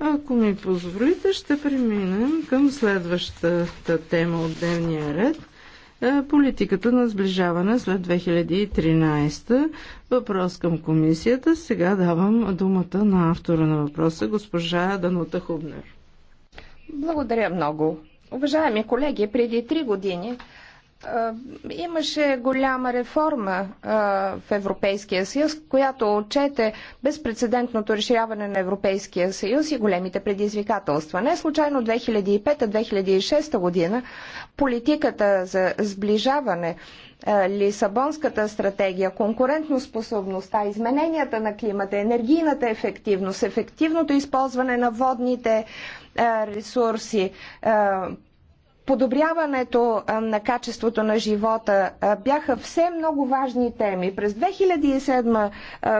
Ако ми позволите, ще преминем към следващата тема от дневния ред е, политиката на сближаване след 2013. Въпрос към комисията. Сега давам думата на автора на въпроса, госпожа Данута Хубнер. Благодаря много. Уважаеми колеги, преди три години Имаше голяма реформа в Европейския съюз, която отчете безпредседентното разширяване на Европейския съюз и големите предизвикателства. Не случайно 2005-2006 година политиката за сближаване, Лисабонската стратегия, конкурентноспособността, измененията на климата, енергийната ефективност, ефективното използване на водните ресурси, подобряването на качеството на живота бяха все много важни теми. През 2007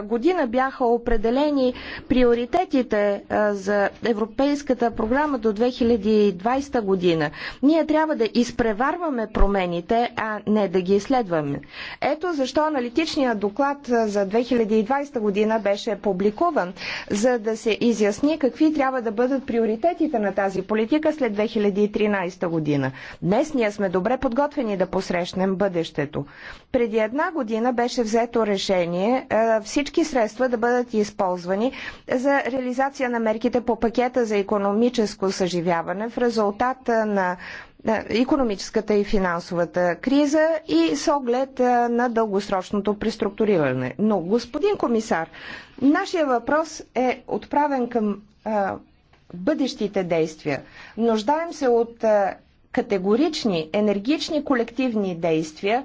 година бяха определени приоритетите за Европейската програма до 2020 година. Ние трябва да изпреварваме промените, а не да ги изследваме. Ето защо аналитичният доклад за 2020 година беше публикуван, за да се изясни какви трябва да бъдат приоритетите на тази политика след 2013 година година. Днес ние сме добре подготвени да посрещнем бъдещето. Преди една година беше взето решение е, всички средства да бъдат използвани за реализация на мерките по пакета за економическо съживяване в резултат е, на економическата и финансовата криза и с оглед е, на дългосрочното преструктуриране. Но, господин комисар, нашия въпрос е отправен към а, бъдещите действия. Нуждаем се от а, категорични, енергични колективни действия,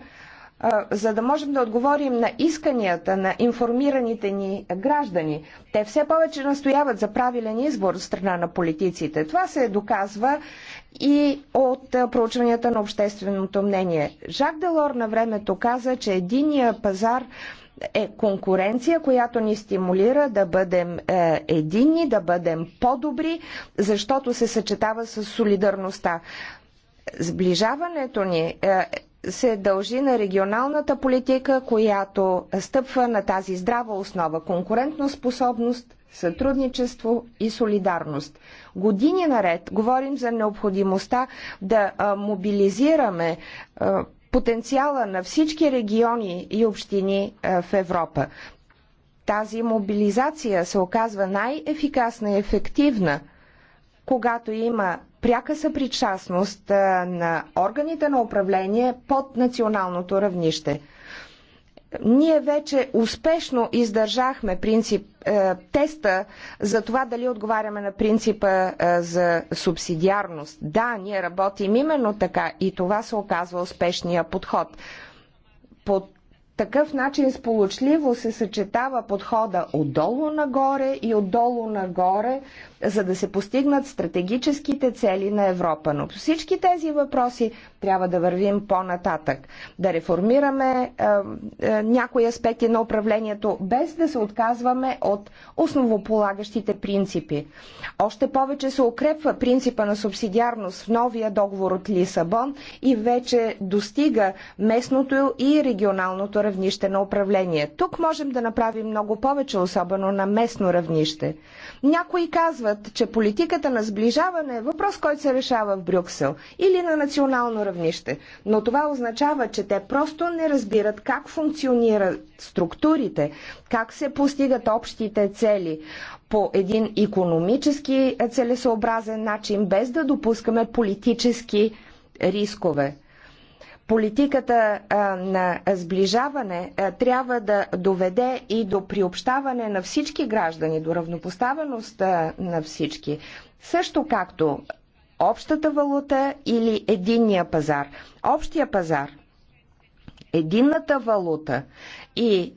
за да можем да отговорим на исканията на информираните ни граждани. Те все повече настояват за правилен избор от страна на политиците. Това се доказва и от проучванията на общественото мнение. Жак Делор на времето каза, че единия пазар е конкуренция, която ни стимулира да бъдем е, единни, да бъдем по-добри, защото се съчетава с солидарността. Сближаването ни е, се дължи на регионалната политика, която стъпва на тази здрава основа – конкурентноспособност, сътрудничество и солидарност. Години наред говорим за необходимостта да мобилизираме потенциала на всички региони и общини в Европа. Тази мобилизация се оказва най-ефикасна и ефективна, когато има пряка съпричастност на органите на управление под националното равнище. Ние вече успешно издържахме принцип, е, теста за това дали отговаряме на принципа е, за субсидиарност. Да, ние работим именно така и това се оказва успешния подход. По такъв начин сполучливо се съчетава подхода отдолу нагоре и отдолу нагоре за да се постигнат стратегическите цели на Европа. Но всички тези въпроси трябва да вървим по-нататък, да реформираме е, е, някои аспекти на управлението, без да се отказваме от основополагащите принципи. Още повече се укрепва принципа на субсидиарност в новия договор от Лисабон и вече достига местното и регионалното равнище на управление. Тук можем да направим много повече, особено на местно равнище. Някои казват, казват, че политиката на сближаване е въпрос, който се решава в Брюксел или на национално равнище. Но това означава, че те просто не разбират как функционират структурите, как се постигат общите цели по един економически целесообразен начин, без да допускаме политически рискове. Политиката на сближаване трябва да доведе и до приобщаване на всички граждани, до равнопоставеност на всички, също както общата валута или единния пазар. Общия пазар, единната валута и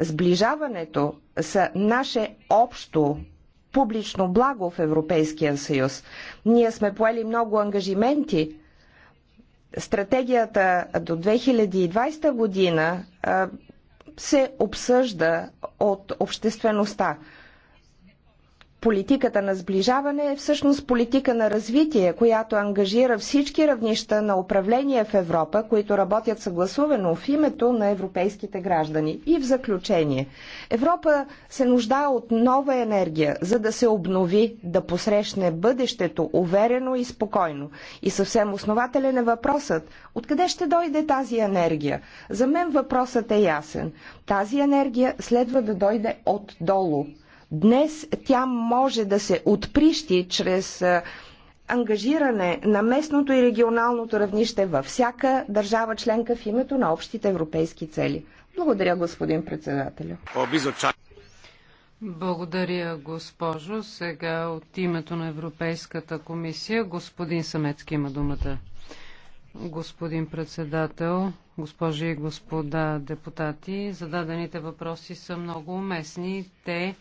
сближаването са наше общо публично благо в Европейския съюз. Ние сме поели много ангажименти Стратегията до 2020 година се обсъжда от обществеността политиката на сближаване е всъщност политика на развитие, която ангажира всички равнища на управление в Европа, които работят съгласувано в името на европейските граждани. И в заключение, Европа се нуждае от нова енергия, за да се обнови, да посрещне бъдещето уверено и спокойно. И съвсем основателен е въпросът, откъде ще дойде тази енергия? За мен въпросът е ясен. Тази енергия следва да дойде отдолу Днес тя може да се отприщи чрез ангажиране на местното и регионалното равнище във всяка държава членка в името на общите европейски цели. Благодаря, господин председателю. Благодаря, госпожо. Сега от името на Европейската комисия господин Самецки има думата. Господин председател, госпожи и господа депутати, зададените въпроси са много уместни. Те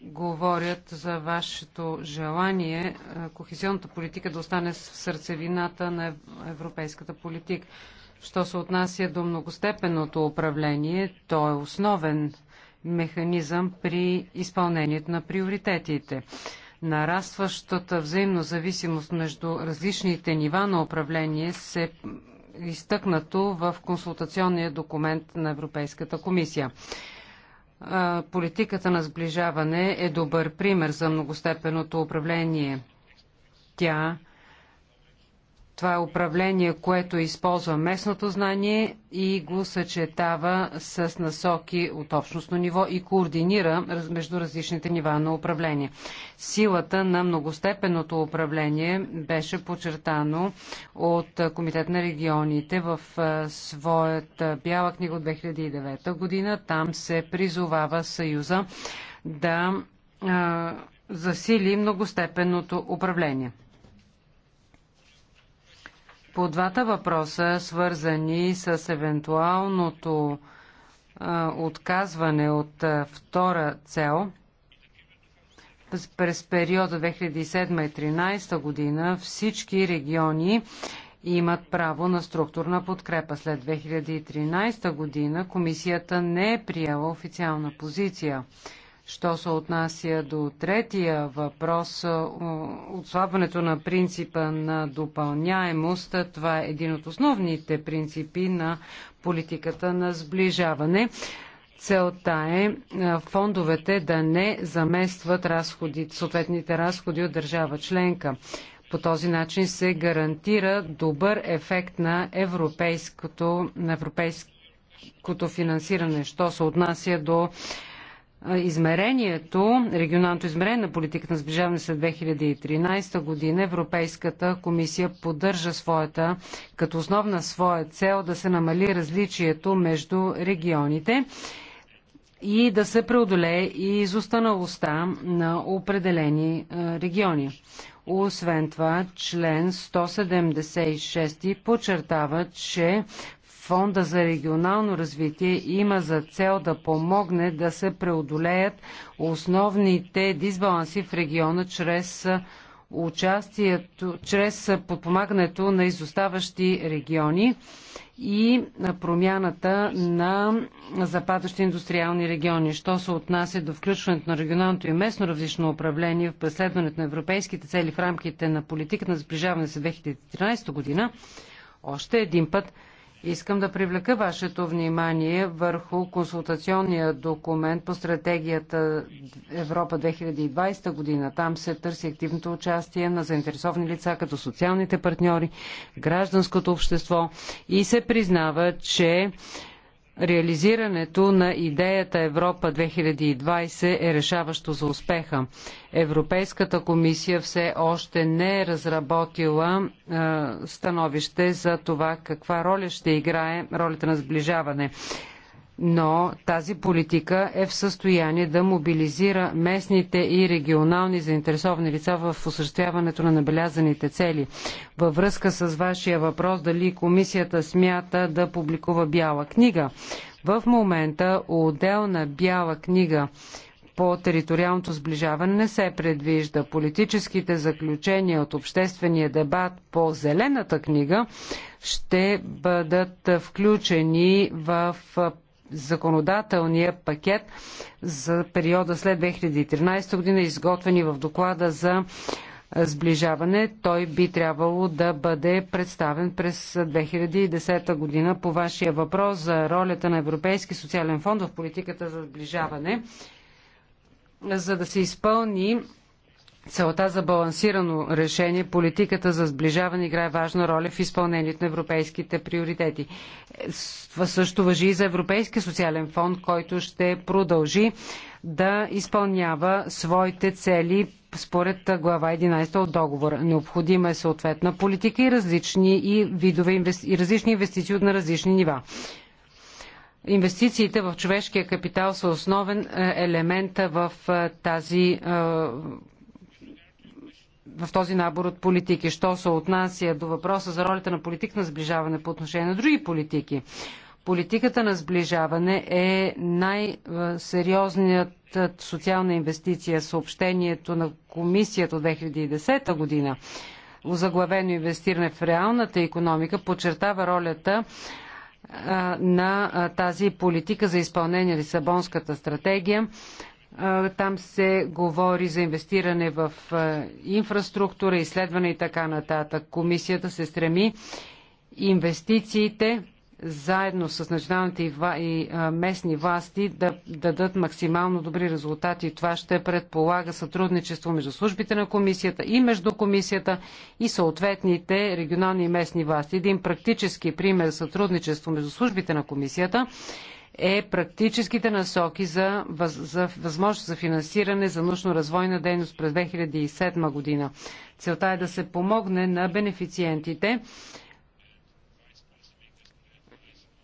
говорят за вашето желание е, кохезионната политика да остане в сърцевината на европейската политика. Що се отнася до многостепенното управление, то е основен механизъм при изпълнението на приоритетите. Нарастващата взаимнозависимост между различните нива на управление се изтъкнато в консултационния документ на Европейската комисия. Политиката на сближаване е добър пример за многостепенното управление. Тя това е управление, което използва местното знание и го съчетава с насоки от общностно ниво и координира между различните нива на управление. Силата на многостепенното управление беше подчертано от Комитет на регионите в своята бяла книга от 2009 година. Там се призовава Съюза да засили многостепенното управление. По двата въпроса, свързани с евентуалното а, отказване от а, втора цел, през периода 2007-2013 година всички региони имат право на структурна подкрепа. След 2013 година комисията не е приела официална позиция. Що се отнася до третия въпрос, е, отслабването на принципа на допълняемост, това е един от основните принципи на политиката на сближаване. Целта е, е фондовете да не заместват разходи, съответните разходи от държава членка. По този начин се гарантира добър ефект на европейското, на европейското финансиране, що се отнася до измерението, регионалното измерение на политиката на сближаване след 2013 година, Европейската комисия поддържа своята, като основна своя цел да се намали различието между регионите и да се преодолее и изостаналостта на определени региони. Освен това, член 176 подчертава, че Фонда за регионално развитие има за цел да помогне да се преодолеят основните дисбаланси в региона чрез участието, чрез подпомагането на изоставащи региони и промяната на западащи индустриални региони. Що се отнася до включването на регионалното и местно различно управление в преследването на европейските цели в рамките на политиката на сближаване за 2013 година, още един път Искам да привлека вашето внимание върху консултационния документ по стратегията Европа 2020 година. Там се търси активното участие на заинтересовани лица, като социалните партньори, гражданското общество и се признава, че Реализирането на идеята Европа 2020 е решаващо за успеха. Европейската комисия все още не е разработила е, становище за това каква роля ще играе ролята на сближаване но тази политика е в състояние да мобилизира местните и регионални заинтересовани лица в осъществяването на набелязаните цели. Във връзка с вашия въпрос дали комисията смята да публикува бяла книга, в момента отделна бяла книга по териториалното сближаване не се предвижда. Политическите заключения от обществения дебат по зелената книга ще бъдат включени в законодателния пакет за периода след 2013 година, изготвени в доклада за сближаване. Той би трябвало да бъде представен през 2010 година. По вашия въпрос за ролята на Европейски социален фонд в политиката за сближаване, за да се изпълни целта за балансирано решение, политиката за сближаване играе важна роля в изпълнението на европейските приоритети. Това е, също въжи и за Европейския социален фонд, който ще продължи да изпълнява своите цели според глава 11 от договора. Необходима е съответна политика и различни, и видове, инвести... и различни инвестиции на различни нива. Инвестициите в човешкия капитал са основен е, елемент в е, тази в този набор от политики. Що се отнася до въпроса за ролята на политик на сближаване по отношение на други политики? Политиката на сближаване е най-сериозният е, социална инвестиция съобщението на комисията от 2010 година заглавено инвестиране в реалната економика подчертава ролята е, на е, тази политика за изпълнение на Лисабонската стратегия там се говори за инвестиране в инфраструктура, изследване и така нататък. Комисията се стреми инвестициите заедно с националните и местни власти да дадат максимално добри резултати. Това ще предполага сътрудничество между службите на комисията и между комисията и съответните регионални и местни власти. Един практически пример за сътрудничество между службите на комисията е практическите насоки за, за възможност за финансиране за научно-развойна дейност през 2007 година. Целта е да се помогне на бенефициентите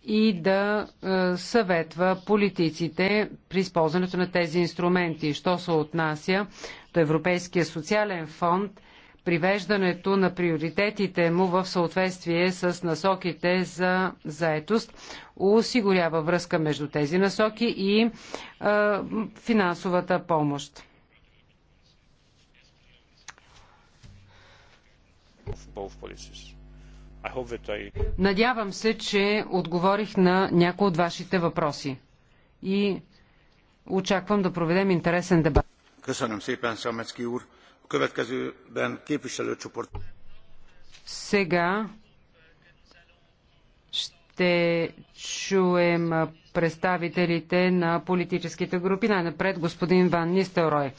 и да е, съветва политиците при използването на тези инструменти. Що се отнася до Европейския социален фонд – привеждането на приоритетите му в съответствие с насоките за заетост, осигурява връзка между тези насоки и е, финансовата помощ. Надявам се, че отговорих на някои от вашите въпроси и очаквам да проведем интересен дебат. Сега ще чуем представителите на политическите групи. Най-напред господин Ван Нистелрой.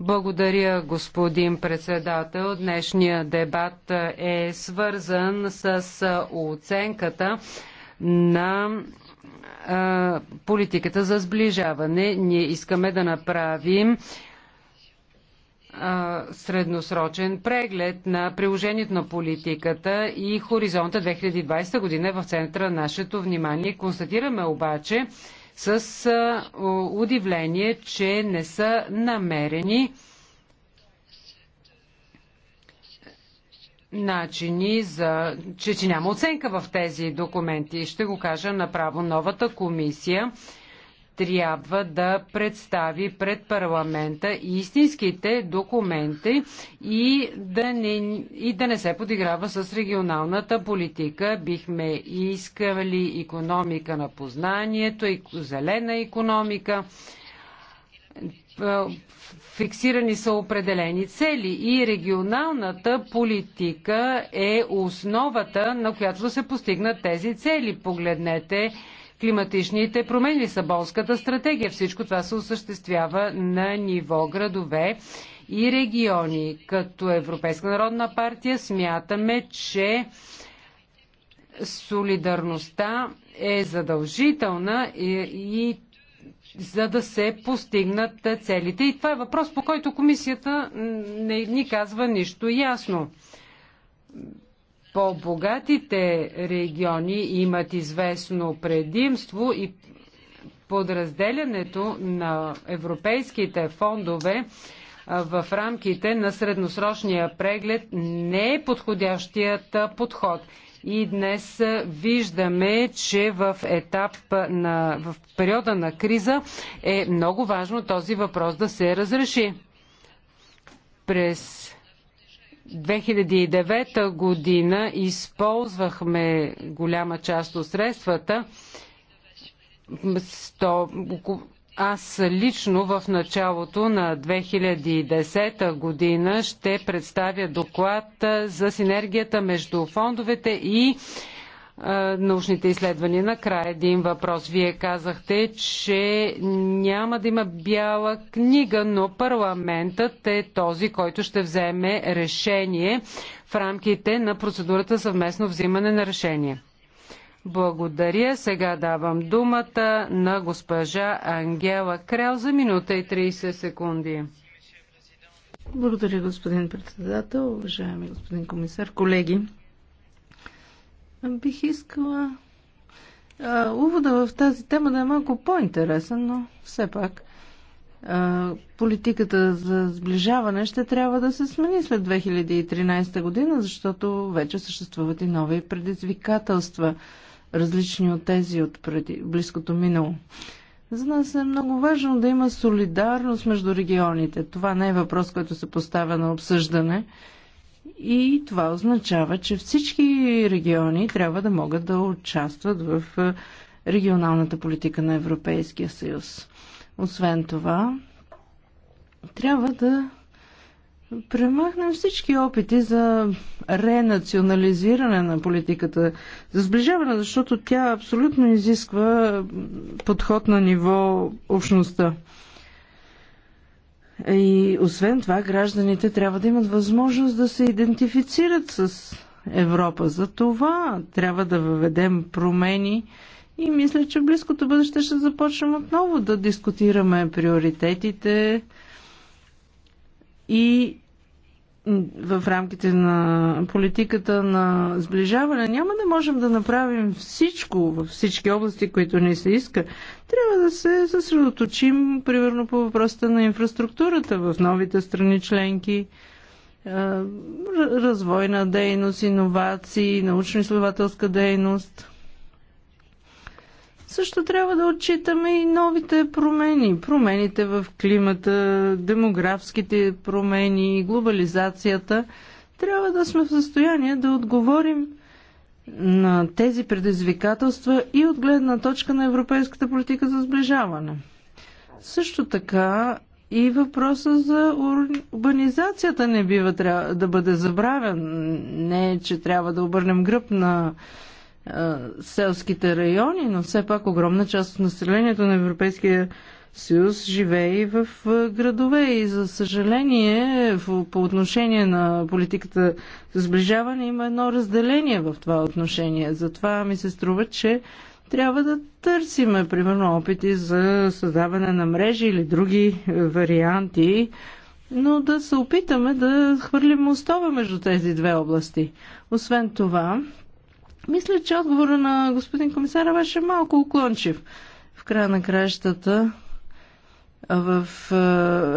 Благодаря, господин председател. Днешният дебат е свързан с оценката на политиката за сближаване. Ние искаме да направим средносрочен преглед на приложението на политиката и хоризонта 2020 година е в центъра на нашето внимание. Констатираме обаче с удивление, че не са намерени начини за... че, че няма оценка в тези документи. Ще го кажа направо. Новата комисия трябва да представи пред парламента истинските документи и да не, и да не се подиграва с регионалната политика. Бихме искали економика на познанието, зелена економика. Фиксирани са определени цели и регионалната политика е основата, на която да се постигнат тези цели. Погледнете климатичните промени, Лисабонската стратегия. Всичко това се осъществява на ниво градове и региони. Като Европейска народна партия смятаме, че солидарността е задължителна и, и за да се постигнат целите. И това е въпрос, по който комисията не ни казва нищо ясно. По-богатите региони имат известно предимство и подразделянето на европейските фондове в рамките на средносрочния преглед не е подходящият подход. И днес виждаме, че в етап на, в периода на криза е много важно този въпрос да се разреши. През 2009 година използвахме голяма част от средствата. аз лично в началото на 2010 година ще представя доклад за синергията между фондовете и научните изследвания. Накрая един въпрос. Вие казахте, че няма да има бяла книга, но парламентът е този, който ще вземе решение в рамките на процедурата съвместно взимане на решение. Благодаря. Сега давам думата на госпожа Ангела Крел за минута и 30 секунди. Благодаря, господин председател, уважаеми господин комисар, колеги. Бих искала а, увода в тази тема да е малко по-интересен, но все пак а, политиката за сближаване ще трябва да се смени след 2013 година, защото вече съществуват и нови предизвикателства, различни от тези от преди, близкото минало. За нас е много важно да има солидарност между регионите. Това не е въпрос, който се поставя на обсъждане. И това означава, че всички региони трябва да могат да участват в е, регионалната политика на Европейския съюз. Освен това, трябва да премахнем всички опити за ренационализиране на политиката, за сближаване, защото тя абсолютно изисква подход на ниво общността. И освен това, гражданите трябва да имат възможност да се идентифицират с Европа. За това трябва да въведем промени и мисля, че в близкото бъдеще ще започнем отново да дискутираме приоритетите и в рамките на политиката на сближаване. Няма да можем да направим всичко във всички области, които ни се иска. Трябва да се съсредоточим, примерно, по въпросите на инфраструктурата в новите страни членки, е, развойна дейност, иновации, научно-изследователска дейност – също трябва да отчитаме и новите промени. Промените в климата, демографските промени, глобализацията. Трябва да сме в състояние да отговорим на тези предизвикателства и от гледна точка на европейската политика за сближаване. Също така и въпроса за урбанизацията не бива да бъде забравен. Не, че трябва да обърнем гръб на селските райони, но все пак огромна част от населението на Европейския съюз живее и в градове. И за съжаление, по отношение на политиката за сближаване има едно разделение в това отношение. Затова ми се струва, че трябва да търсиме, примерно, опити за създаване на мрежи или други е, варианти, но да се опитаме да хвърлим мостове между тези две области. Освен това, мисля, че отговора на господин комисара беше малко уклончив. В края на краищата в е,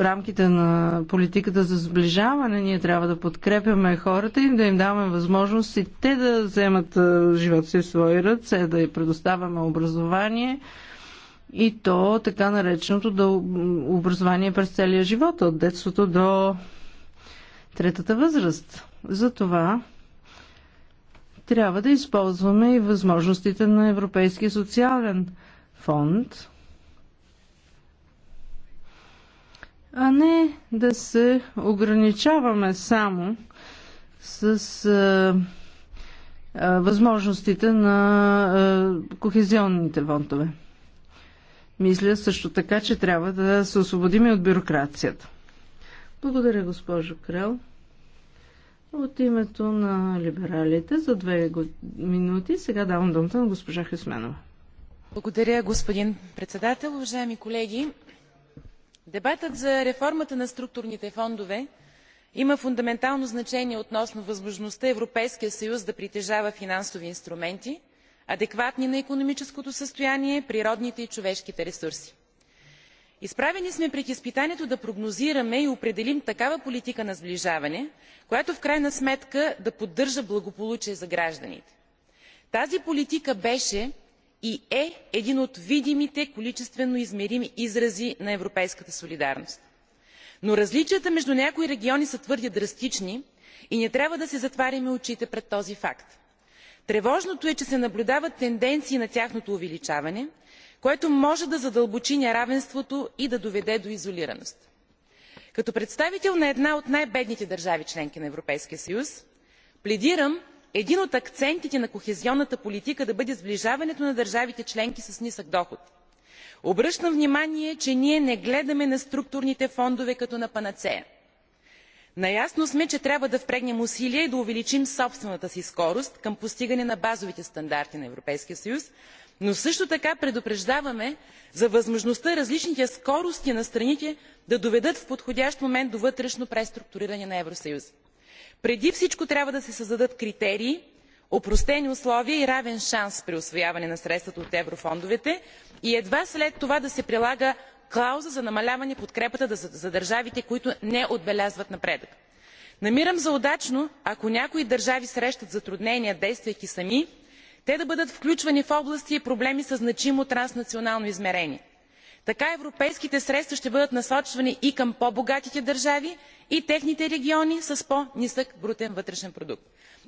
рамките на политиката за сближаване ние трябва да подкрепяме хората и да им даваме възможност и те да вземат е, живота си в свои ръце, да им предоставяме образование и то така нареченото да образование през целия живот, от детството до третата възраст. Затова трябва да използваме и възможностите на Европейския социален фонд, а не да се ограничаваме само с а, а, възможностите на а, кохезионните фондове. Мисля също така, че трябва да се освободим и от бюрокрацията. Благодаря, госпожо Крел. От името на либералите за две минути сега давам думата на госпожа Хесменова. Благодаря, господин председател. Уважаеми колеги, дебатът за реформата на структурните фондове има фундаментално значение относно възможността Европейския съюз да притежава финансови инструменти адекватни на економическото състояние природните и човешките ресурси изправени сме пред изпитанието да прогнозираме и определим такава политика на сближаване която в крайна сметка да поддържа благополучие за гражданите. тази политика беше и е един от видимите количествено измерими изрази на европейската солидарност. но различията между някои региони са твърде драстични и не трябва да си затваряме очите пред този факт. тревожното е че се наблюдават тенденции на тяхното увеличаване което може да задълбочи неравенството и да доведе до изолираност. като представител на една от най бедните държави членки на европейския съюз пледирам един от акцентите на кохезионната политика да бъде сближаването на държавите членки с нисък доход. обръщам внимание че ние не гледаме на структурните фондове като на панацея. наясно сме че трябва да впрегнем усилия и да увеличим собствената си скорост към постигане на базовите стандарти на европейския съюз но също така предупреждаваме за възможността различните скорости на страните да доведат в подходящ момент до вътрешно преструктуриране на евросъюза. преди всичко трябва да се създадат критерии опростени условия и равен шанс при усвояване на средствата от еврофондовете и едва след това да се прилага клауза за намаляване подкрепата за държавите които не отбелязват напредък. намирам за удачно ако някои държави срещат затруднения действайки сами те да бъдат включвани в области и проблеми със значимо транснационално измерение. така европейските средства ще бъдат насочвани и към по богатите държави и техните региони с по нисък брутен вътрешен продукт.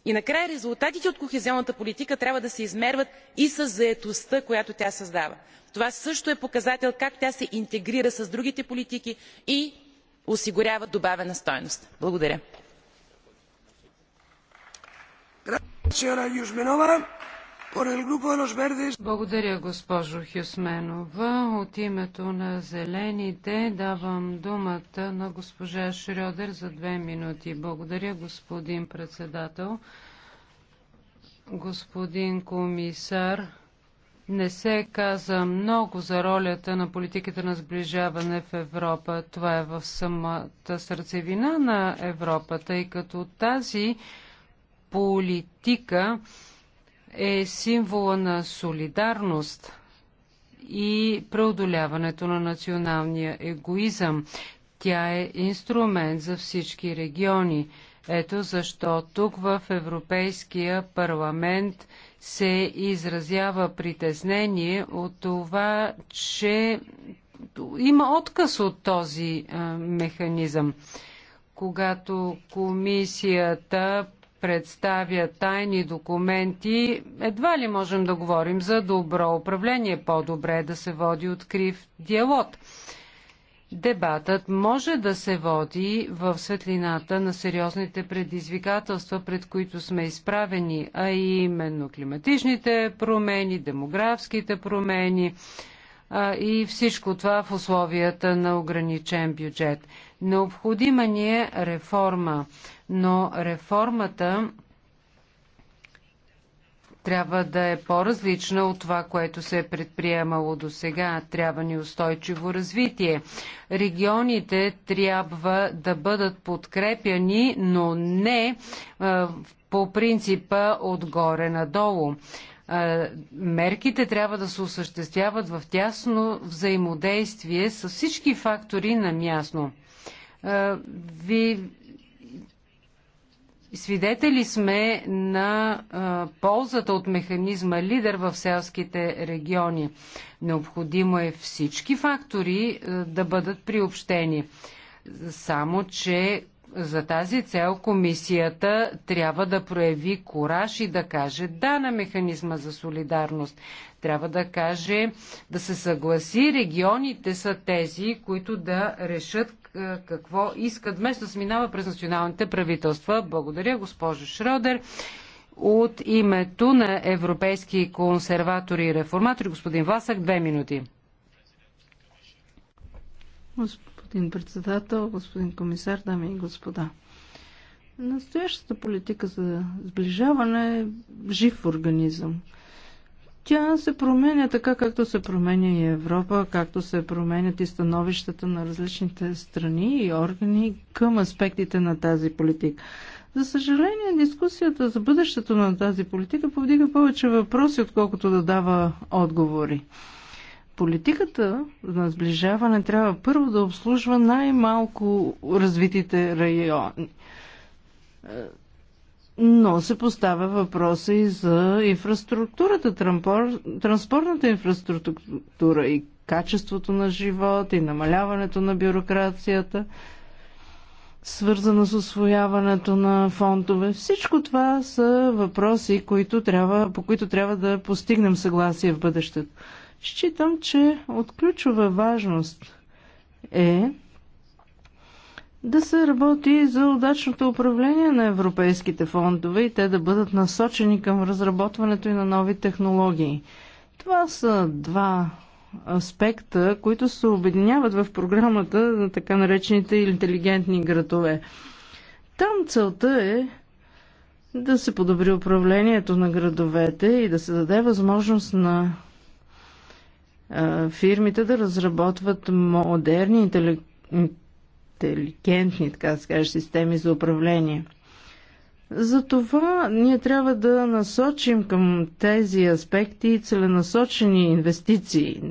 и накрая резултатите от кохезионната политика трябва да се измерват и със заетостта която тя създава. това също е показател как тя се интегрира с другите политики и осигурява добавена стойност. благодаря. Благодаря, госпожо Хюсменова. От името на Зелените давам думата на госпожа Шрёдер за две минути. Благодаря, господин председател. Господин комисар, не се каза много за ролята на политиката на сближаване в Европа. Това е в самата сърцевина на Европа, тъй като тази политика е символа на солидарност и преодоляването на националния егоизъм. Тя е инструмент за всички региони. Ето защо тук в Европейския парламент се изразява притеснение от това, че има отказ от този механизъм. Когато комисията представя тайни документи, едва ли можем да говорим за добро управление. По-добре е да се води открив диалог. Дебатът може да се води в светлината на сериозните предизвикателства, пред които сме изправени, а именно климатичните промени, демографските промени, и всичко това в условията на ограничен бюджет. Необходима ни е реформа, но реформата трябва да е по-различна от това, което се е предприемало до сега. Трябва ни устойчиво развитие. Регионите трябва да бъдат подкрепяни, но не по принципа отгоре надолу мерките трябва да се осъществяват в тясно взаимодействие с всички фактори на място. Ви свидетели сме на ползата от механизма лидер в селските региони. Необходимо е всички фактори да бъдат приобщени. Само, че за тази цел комисията трябва да прояви кораж и да каже да на механизма за солидарност. Трябва да каже, да се съгласи, регионите са тези, които да решат е, какво искат, вместо да сминава през националните правителства. Благодаря, госпожо Шродер. От името на европейски консерватори и реформатори, господин Власък, две минути. Госп господин председател, господин комисар, дами и господа. Настоящата политика за сближаване е жив организъм. Тя се променя така, както се променя и Европа, както се променят и становищата на различните страни и органи към аспектите на тази политика. За съжаление, дискусията за бъдещето на тази политика повдига повече въпроси, отколкото да дава отговори. Политиката на сближаване трябва първо да обслужва най-малко развитите райони. Е, но се поставя въпроса и за инфраструктурата, транспортната инфраструктура и качеството на живот и намаляването на бюрокрацията, свързано с освояването на фондове. Всичко това са въпроси, които трябва, по които трябва да постигнем съгласие в бъдещето. Считам, че от ключова важност е да се работи за удачното управление на европейските фондове и те да бъдат насочени към разработването и на нови технологии. Това са два аспекта, които се объединяват в програмата на така наречените интелигентни градове. Там целта е да се подобри управлението на градовете и да се даде възможност на фирмите да разработват модерни, интелигентни, така да скажа, системи за управление. Затова ние трябва да насочим към тези аспекти целенасочени инвестиции,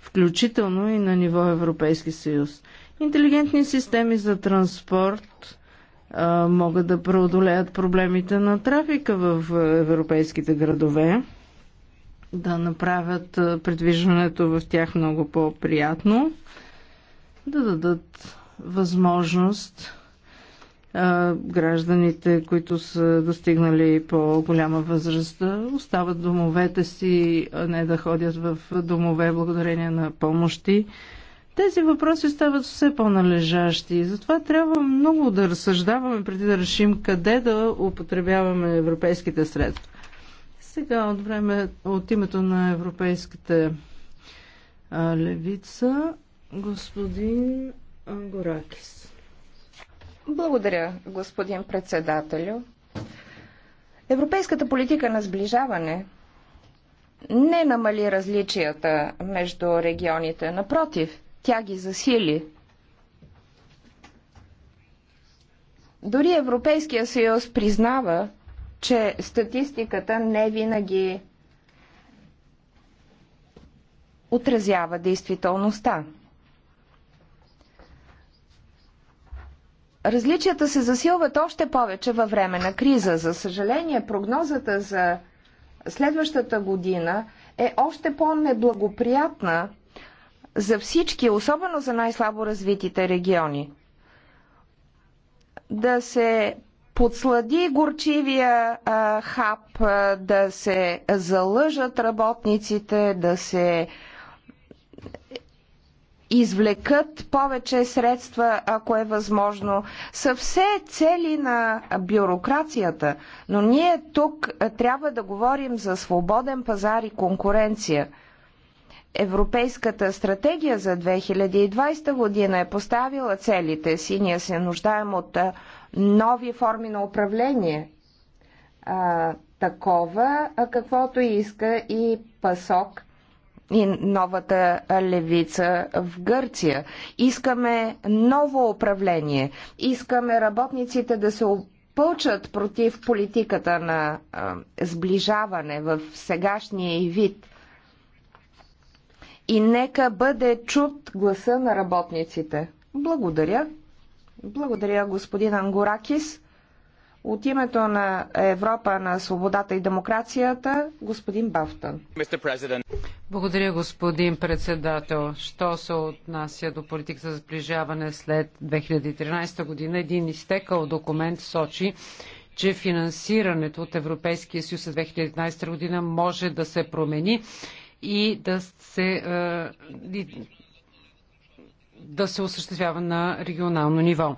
включително и на ниво Европейски съюз. Интелигентни системи за транспорт а, могат да преодолеят проблемите на трафика в европейските градове да направят предвижването в тях много по-приятно, да дадат възможност гражданите, които са достигнали по-голяма възраст, да остават домовете си, а не да ходят в домове благодарение на помощи. Тези въпроси стават все по-належащи и затова трябва много да разсъждаваме преди да решим къде да употребяваме европейските средства. Сега от време от името на Европейската левица господин Горакис. Благодаря, господин председателю. Европейската политика на сближаване не намали различията между регионите. Напротив, тя ги засили. Дори Европейския съюз признава, че статистиката не винаги отразява действителността. Различията се засилват още повече във време на криза. За съжаление, прогнозата за следващата година е още по-неблагоприятна за всички, особено за най-слабо развитите региони. Да се подслади горчивия а, хап, а, да се залъжат работниците, да се извлекат повече средства, ако е възможно, са все цели на бюрокрацията. Но ние тук трябва да говорим за свободен пазар и конкуренция – Европейската стратегия за 2020 година е поставила целите си. Ние се нуждаем от нови форми на управление. А, такова, каквото иска и Пасок и новата левица в Гърция. Искаме ново управление. Искаме работниците да се опълчат против политиката на а, сближаване в сегашния и вид – и нека бъде чут гласа на работниците. Благодаря. Благодаря, господин Ангоракис. От името на Европа на свободата и демокрацията, господин Бафтън. Благодаря, господин председател. Що се отнася до политика за сближаване след 2013 година, един изтекал документ сочи, че финансирането от Европейския съюз за 2019 година може да се промени и да се, е, да се осъществява на регионално ниво.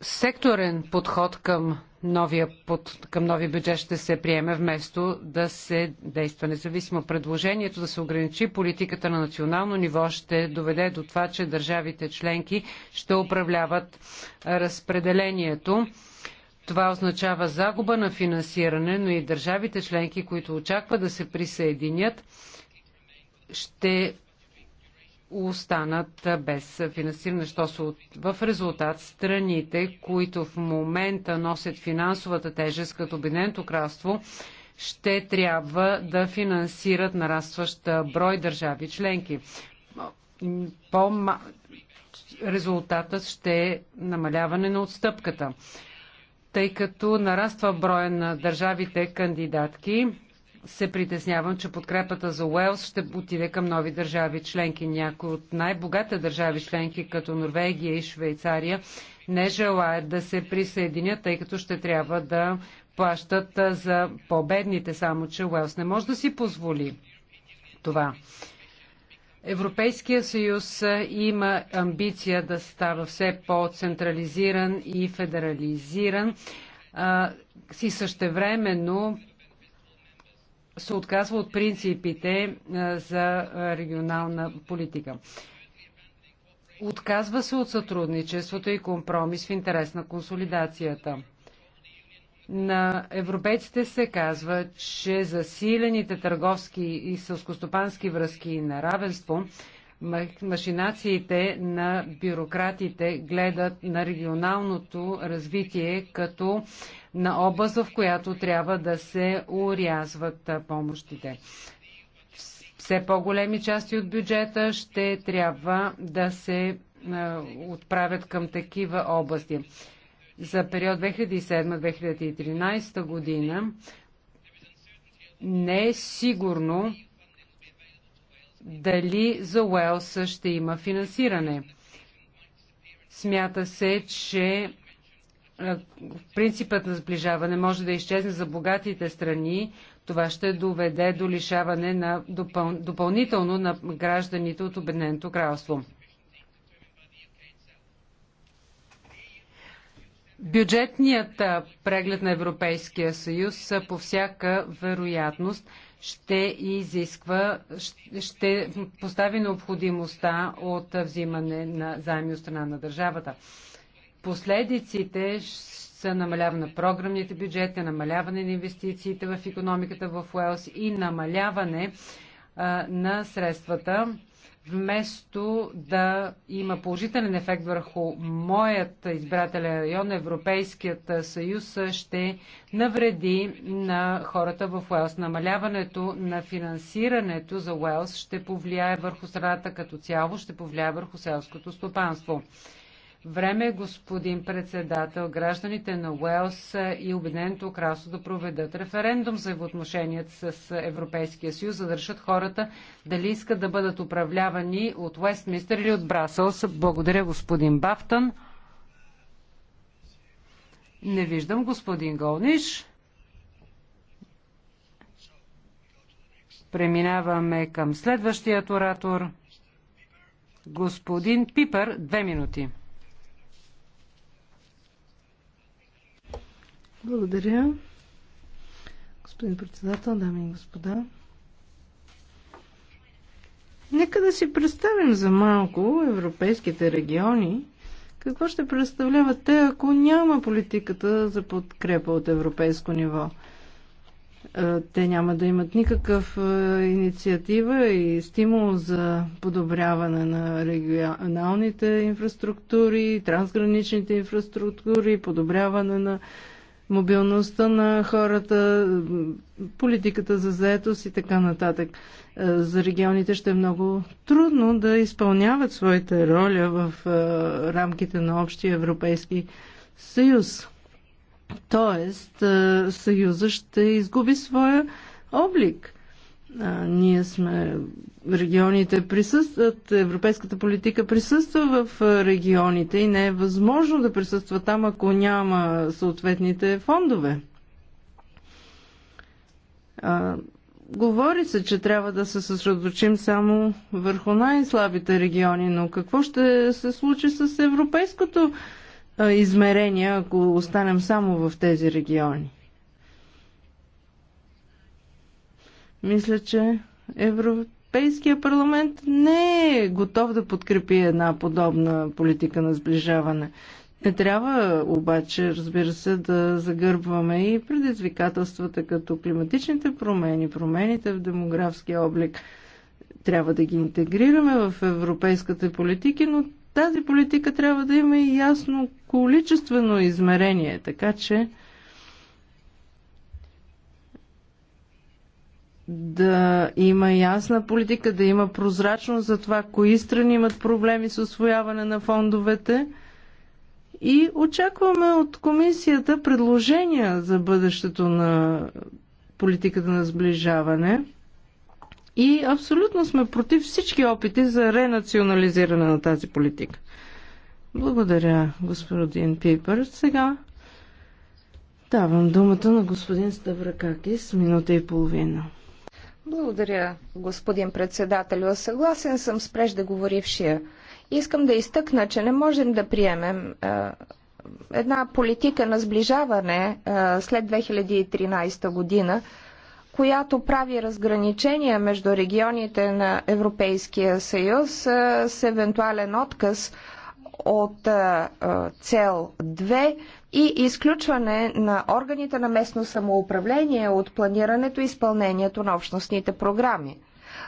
Секторен подход към новия, под, към новия бюджет ще се приеме вместо да се действа независимо. Предложението да се ограничи политиката на национално ниво ще доведе до това, че държавите членки ще управляват разпределението това означава загуба на финансиране, но и държавите членки, които очаква да се присъединят, ще останат без финансиране, що са в резултат страните, които в момента носят финансовата тежест като Обединеното кралство, ще трябва да финансират нарастващ брой държави членки. По- резултатът ще е намаляване на отстъпката тъй като нараства броя на държавите кандидатки, се притеснявам, че подкрепата за Уелс ще отиде към нови държави членки. Някои от най-богатите държави членки, като Норвегия и Швейцария, не желаят да се присъединят, тъй като ще трябва да плащат за победните, само че Уелс не може да си позволи това. Европейския съюз има амбиция да става все по-централизиран и федерализиран Си същевременно се отказва от принципите за регионална политика. Отказва се от сътрудничеството и компромис в интерес на консолидацията на европейците се казва, че засилените търговски и сълскостопански връзки на равенство, машинациите на бюрократите гледат на регионалното развитие като на област, в която трябва да се урязват помощите. Все по-големи части от бюджета ще трябва да се отправят към такива области за период 2007-2013 година не е сигурно дали за Уелс ще има финансиране. Смята се, че принципът на сближаване може да изчезне за богатите страни. Това ще доведе до лишаване на допъл... допълнително на гражданите от Обединеното кралство. Бюджетният преглед на Европейския съюз по всяка вероятност ще изисква, ще постави необходимостта от взимане на заеми от страна на държавата. Последиците са намаляване на програмните бюджети, намаляване на инвестициите в економиката в Уелс и намаляване на средствата вместо да има положителен ефект върху моят избирателен район, Европейският съюз ще навреди на хората в Уелс. Намаляването на финансирането за Уелс ще повлияе върху страната като цяло, ще повлияе върху селското стопанство. Време, господин председател, гражданите на Уелс и Обединеното кралство да проведат референдум за отношенията с Европейския съюз, за да решат хората дали искат да бъдат управлявани от Уестминстър или от Брасълс. Благодаря, господин Бафтън. Не виждам господин Голниш. Преминаваме към следващият оратор. Господин Пипър, две минути. Благодаря. Господин председател, дами и господа. Нека да си представим за малко европейските региони. Какво ще представляват те, ако няма политиката за подкрепа от европейско ниво? Е, те няма да имат никакъв е, инициатива и стимул за подобряване на регионалните инфраструктури, трансграничните инфраструктури, подобряване на мобилността на хората, политиката за заетост и така нататък. Е, за регионите ще е много трудно да изпълняват своите роля в е, рамките на общия Европейски съюз. Тоест, е, съюза ще изгуби своя облик а, ние сме регионите присъстват, европейската политика присъства в регионите и не е възможно да присъства там, ако няма съответните фондове. А, говори се, че трябва да се съсредоточим само върху най-слабите региони, но какво ще се случи с европейското измерение, ако останем само в тези региони? Мисля, че Европейския парламент не е готов да подкрепи една подобна политика на сближаване. Не трябва обаче, разбира се, да загърбваме и предизвикателствата като климатичните промени, промените в демографския облик. Трябва да ги интегрираме в европейската политика, но тази политика трябва да има и ясно количествено измерение, така че да има ясна политика, да има прозрачност за това, кои страни имат проблеми с освояване на фондовете. И очакваме от комисията предложения за бъдещето на политиката на сближаване. И абсолютно сме против всички опити за ренационализиране на тази политика. Благодаря, господин Пипър. Сега давам думата на господин Ставракакис минута и половина. Благодаря, господин председател, Съгласен съм с преждеговорившия. Искам да изтъкна, че не можем да приемем е, една политика на сближаване е, след 2013 година, която прави разграничения между регионите на Европейския съюз е, с евентуален отказ от цел 2 и изключване на органите на местно самоуправление от планирането и изпълнението на общностните програми.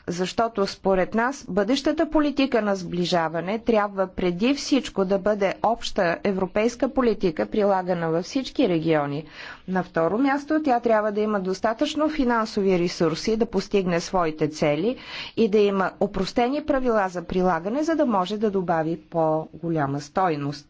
Защото според нас бъдещата политика на сближаване трябва преди всичко да бъде обща европейска политика, прилагана във всички региони. На второ място тя трябва да има достатъчно финансови ресурси да постигне своите цели и да има опростени правила за прилагане, за да може да добави по-голяма стойност.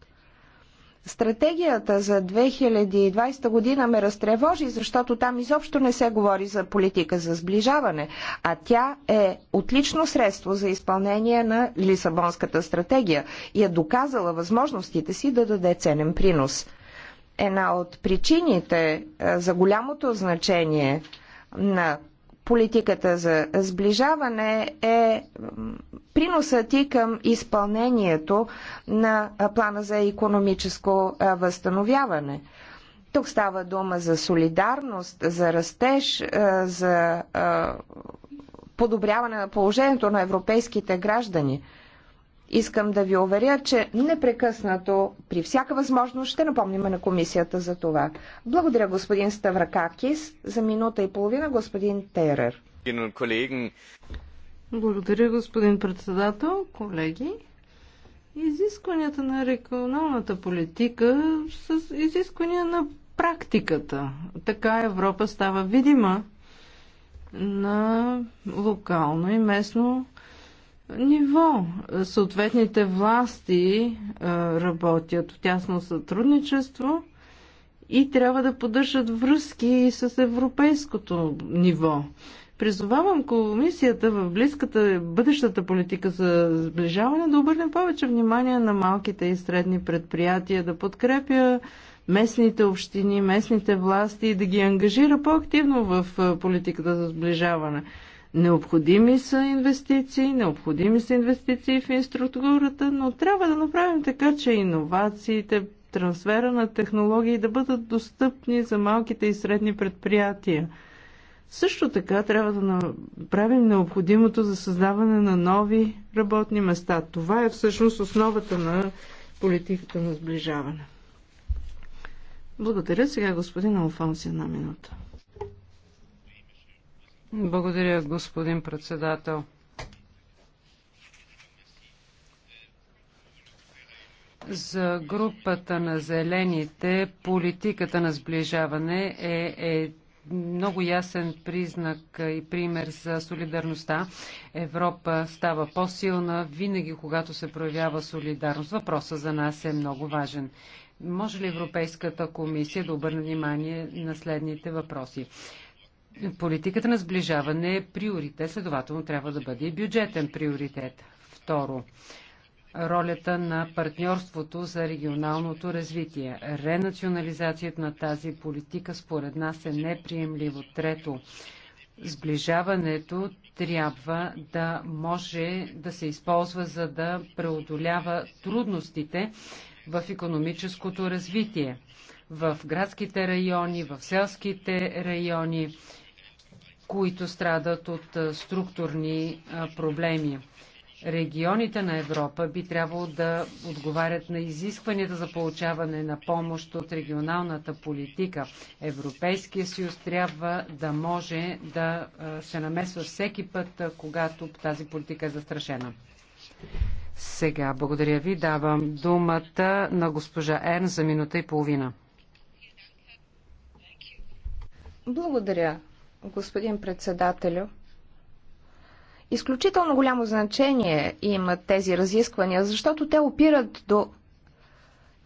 Стратегията за 2020 година ме разтревожи, защото там изобщо не се говори за политика за сближаване, а тя е отлично средство за изпълнение на Лисабонската стратегия и е доказала възможностите си да даде ценен принос. Една от причините е, за голямото значение на политиката за сближаване е приноса ти към изпълнението на плана за економическо възстановяване. Тук става дума за солидарност, за растеж, за подобряване на положението на европейските граждани – Искам да ви уверя, че непрекъснато при всяка възможност ще напомниме на комисията за това. Благодаря господин Ставракакис. За минута и половина господин Терер. Благодаря господин председател, колеги. Изискванията на регионалната политика с изисквания на практиката. Така Европа става видима на локално и местно ниво. Съответните власти работят в тясно сътрудничество и трябва да поддържат връзки с европейското ниво. Призовавам комисията в близката бъдещата политика за сближаване да обърне повече внимание на малките и средни предприятия, да подкрепя местните общини, местните власти и да ги ангажира по-активно в политиката за сближаване. Необходими са инвестиции, необходими са инвестиции в инструктурата, но трябва да направим така, че иновациите, трансфера на технологии да бъдат достъпни за малките и средни предприятия. Също така трябва да направим необходимото за създаване на нови работни места. Това е всъщност основата на политиката на сближаване. Благодаря сега господин Алфонс една минута. Благодаря, господин председател. За групата на зелените политиката на сближаване е, е много ясен признак и пример за солидарността. Европа става по-силна винаги, когато се проявява солидарност. Въпросът за нас е много важен. Може ли Европейската комисия да обърне внимание на следните въпроси? Политиката на сближаване е приоритет, следователно трябва да бъде и бюджетен приоритет. Второ, ролята на партньорството за регионалното развитие. Ренационализацията на тази политика според нас е неприемливо. Трето, сближаването трябва да може да се използва, за да преодолява трудностите в економическото развитие в градските райони, в селските райони които страдат от структурни проблеми. Регионите на Европа би трябвало да отговарят на изискванията за получаване на помощ от регионалната политика. Европейския съюз трябва да може да се намесва всеки път, когато тази политика е застрашена. Сега, благодаря ви. Давам думата на госпожа Ерн за минута и половина. Благодаря, господин председателю. Изключително голямо значение имат тези разисквания, защото те опират до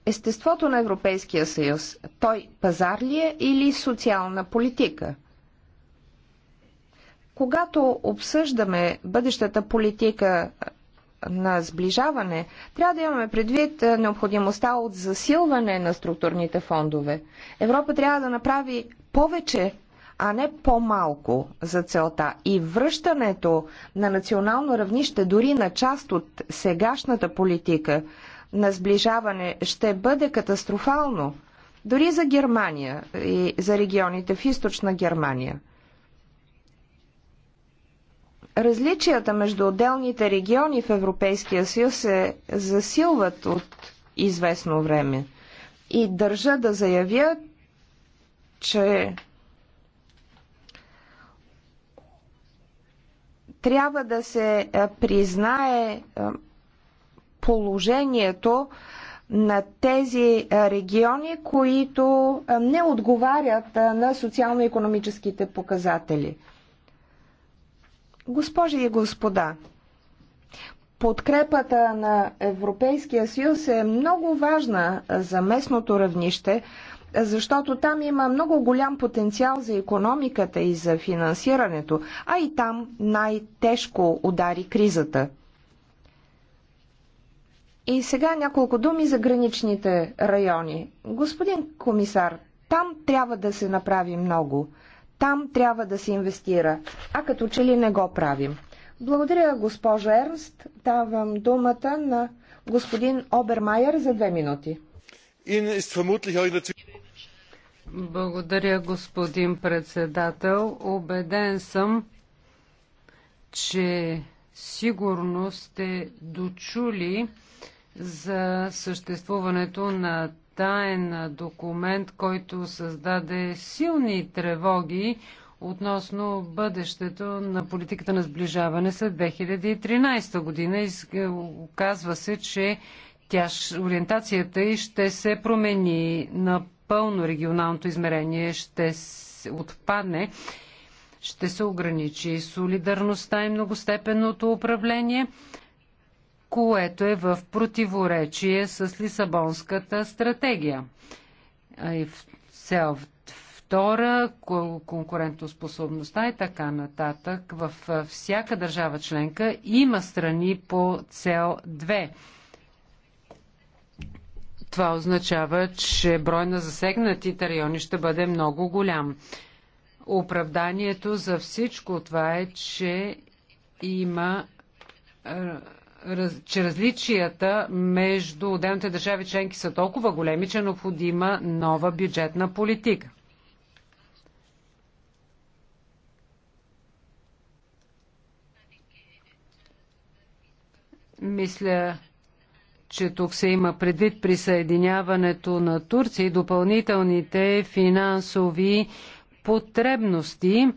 естеството на Европейския съюз. Той пазар ли е или социална политика? Когато обсъждаме бъдещата политика на сближаване, трябва да имаме предвид е, необходимостта от засилване на структурните фондове. Европа трябва да направи повече а не по-малко за целта. И връщането на национално равнище, дори на част от сегашната политика на сближаване, ще бъде катастрофално. Дори за Германия и за регионите в източна Германия. Различията между отделните региони в Европейския съюз се засилват от известно време. И държа да заявя, че трябва да се е, признае е, положението на тези е, региони, които не отговарят на социално-економическите показатели. Госпожи и господа, подкрепата на Европейския съюз е много важна за местното равнище, защото там има много голям потенциал за економиката и за финансирането, а и там най-тежко удари кризата. И сега няколко думи за граничните райони. Господин комисар, там трябва да се направи много. Там трябва да се инвестира, а като че ли не го правим. Благодаря, госпожо Ернст. Давам думата на господин Обермайер за две минути. Благодаря, господин председател. Обеден съм, че сигурно сте дочули за съществуването на таен документ, който създаде силни тревоги относно бъдещето на политиката на сближаване след 2013 година. Оказва се, че тя, ориентацията й ще се промени на напълно регионалното измерение ще отпадне, ще се ограничи солидарността и многостепенното управление, което е в противоречие с Лисабонската стратегия. И в цел втора, конкурентоспособността и така нататък. Във всяка държава членка има страни по цел 2 това означава, че брой на засегнатите райони ще бъде много голям. Оправданието за всичко това е, че има че различията между отделните държави членки са толкова големи, че е необходима нова бюджетна политика. Мисля, че тук се има предвид присъединяването на Турция и допълнителните финансови потребности.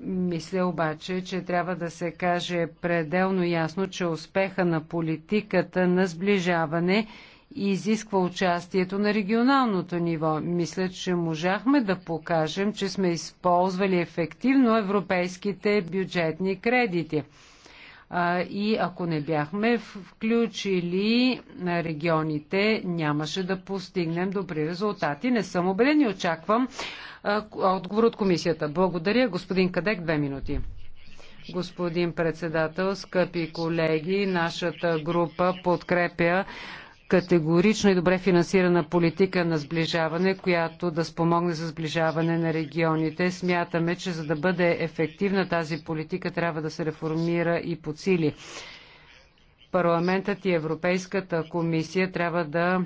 Мисля обаче, че трябва да се каже пределно ясно, че успеха на политиката на сближаване изисква участието на регионалното ниво. Мисля, че можахме да покажем, че сме използвали ефективно европейските бюджетни кредити и ако не бяхме включили на регионите, нямаше да постигнем добри резултати. Не съм убеден и очаквам отговор от комисията. Благодаря. Господин Кадек, две минути. Господин председател, скъпи колеги, нашата група подкрепя категорична и добре финансирана политика на сближаване, която да спомогне за сближаване на регионите. Смятаме, че за да бъде ефективна тази политика трябва да се реформира и подсили. Парламентът и Европейската комисия трябва да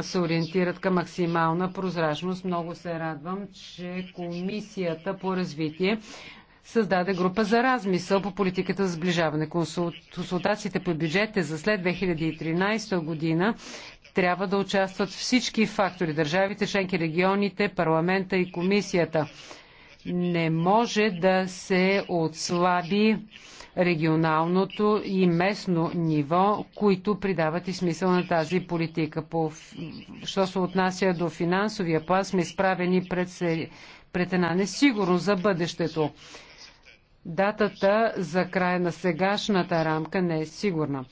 се ориентират към максимална прозрачност. Много се радвам, че Комисията по развитие създаде група за размисъл по политиката за сближаване. Консултациите по бюджетите за след 2013 година трябва да участват всички фактори държавите, членки, регионите, парламента и комисията. Не може да се отслаби регионалното и местно ниво, които придават и смисъл на тази политика. По, що се отнася до финансовия план, сме изправени пред, пред една несигурност за бъдещето. Датата за края на сегашната рамка не е сигурна.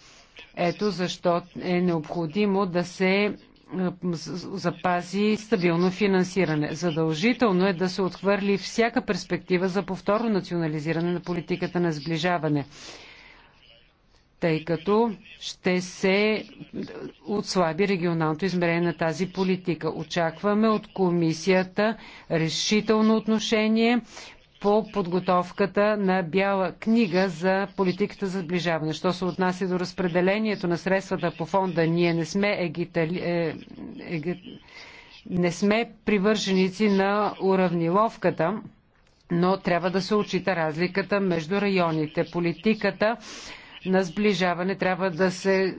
Ето защо е необходимо да се е, запази стабилно финансиране. Задължително е да се отхвърли всяка перспектива за повторно национализиране на политиката на сближаване, тъй като ще се отслаби регионалното измерение на тази политика. Очакваме от комисията решително отношение по подготовката на бяла книга за политиката за сближаване. Що се отнася до разпределението на средствата по фонда, ние не сме егитали... е... Е... не сме привърженици на уравниловката, но трябва да се отчита разликата между районите. Политиката на сближаване трябва да се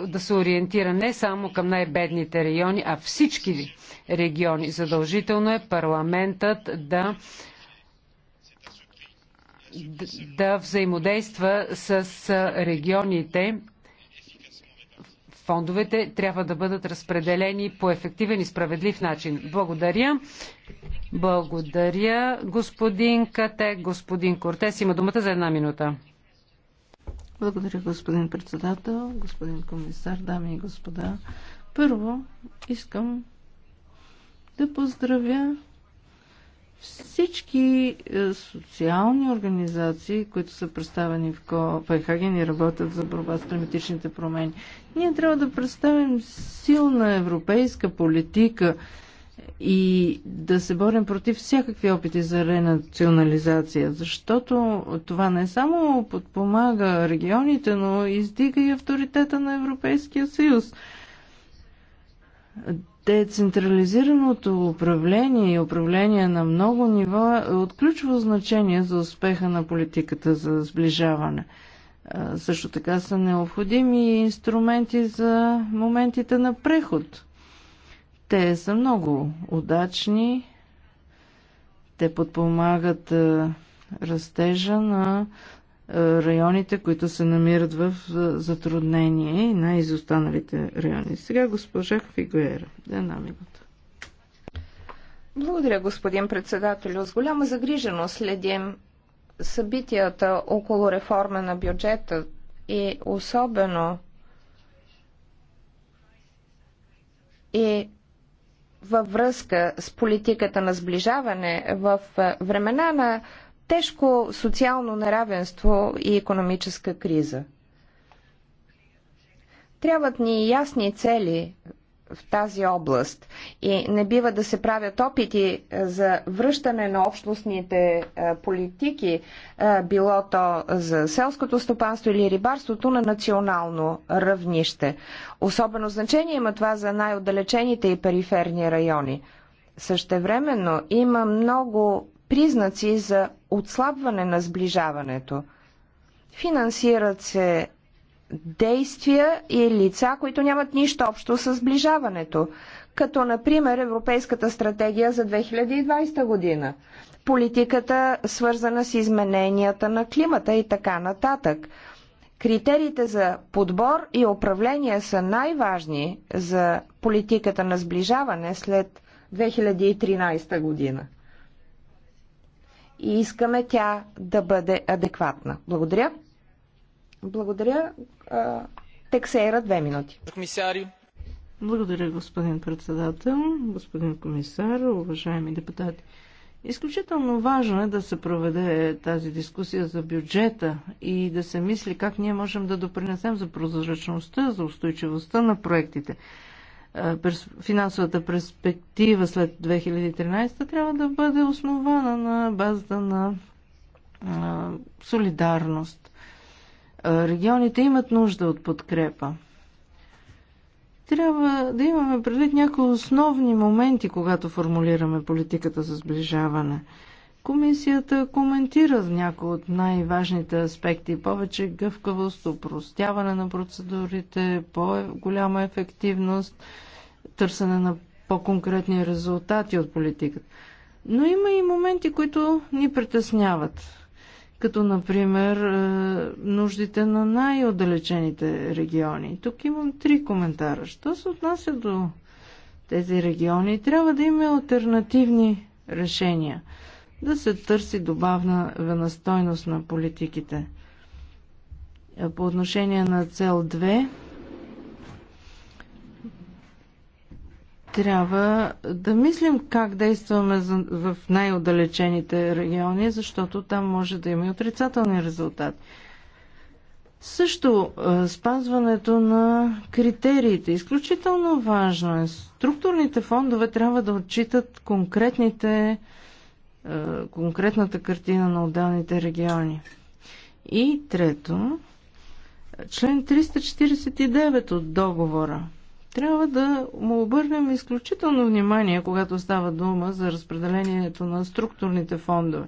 да се ориентира не само към най-бедните райони, а всички региони. Задължително е парламентът да да взаимодейства с регионите. Фондовете трябва да бъдат разпределени по ефективен и справедлив начин. Благодаря. Благодаря, господин Кате. Господин Кортес има думата за една минута. Благодаря, господин председател, господин комисар, дами и господа. Първо искам да поздравя всички е, социални организации, които са представени в Копенхаген и работят за борба с климатичните промени, ние трябва да представим силна европейска политика и да се борим против всякакви опити за ренационализация, защото това не само подпомага регионите, но издига и авторитета на Европейския съюз централизираното управление и управление на много нива е от ключово значение за успеха на политиката за сближаване. Също така са необходими инструменти за моментите на преход. Те са много удачни. Те подпомагат растежа на районите, които се намират в е, затруднение и на изостаналите райони. Сега госпожа Фигуера. Една минута. Благодаря, господин председател. С голяма загриженост следим събитията около реформа на бюджета и особено и във връзка с политиката на сближаване в е, времена на тежко социално неравенство и економическа криза. Трябват ни ясни цели в тази област и не бива да се правят опити е, за връщане на общностните е, политики, е, било то за селското стопанство или рибарството на национално равнище. Особено значение има това за най-отдалечените и периферни райони. Същевременно има много признаци за отслабване на сближаването. Финансират се действия и лица, които нямат нищо общо с сближаването, като например Европейската стратегия за 2020 година, политиката свързана с измененията на климата и така нататък. Критериите за подбор и управление са най-важни за политиката на сближаване след 2013 година и искаме тя да бъде адекватна. Благодаря. Благодаря. Тексейра, две минути. Комисари. Благодаря, господин председател, господин комисар, уважаеми депутати. Изключително важно е да се проведе тази дискусия за бюджета и да се мисли как ние можем да допринесем за прозрачността, за устойчивостта на проектите финансовата перспектива след 2013 трябва да бъде основана на базата на солидарност. Регионите имат нужда от подкрепа. Трябва да имаме предвид някои основни моменти, когато формулираме политиката за сближаване – Комисията коментира някои от най-важните аспекти. Повече гъвкавост, упростяване на процедурите, по-голяма ефективност, търсене на по-конкретни резултати от политиката. Но има и моменти, които ни притесняват. Като, например, е, нуждите на най-отдалечените региони. Тук имам три коментара. Що се отнася до тези региони? Трябва да има альтернативни решения – да се търси добавна настойност на политиките. Е, по отношение на цел 2, трябва да мислим как действаме в най-отдалечените региони, защото там може да има и отрицателни резултати. Също е, спазването на критериите. Изключително важно е. Структурните фондове трябва да отчитат конкретните е, конкретната картина на отделните региони. И трето, член 349 от договора. Трябва да му обърнем изключително внимание, когато става дума за разпределението на структурните фондове.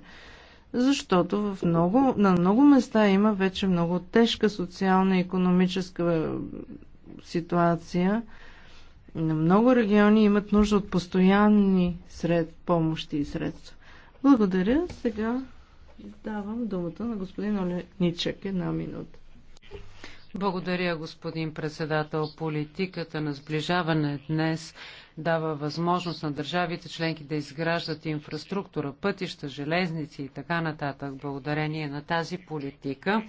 Защото в много, на много места има вече много тежка социална и економическа ситуация. На много региони имат нужда от постоянни сред помощи и средства. Благодаря. Сега давам думата на господин Оленичек. Една минута. Благодаря, господин председател. Политиката на сближаване днес дава възможност на държавите членки да изграждат инфраструктура, пътища, железници и така нататък. Благодарение на тази политика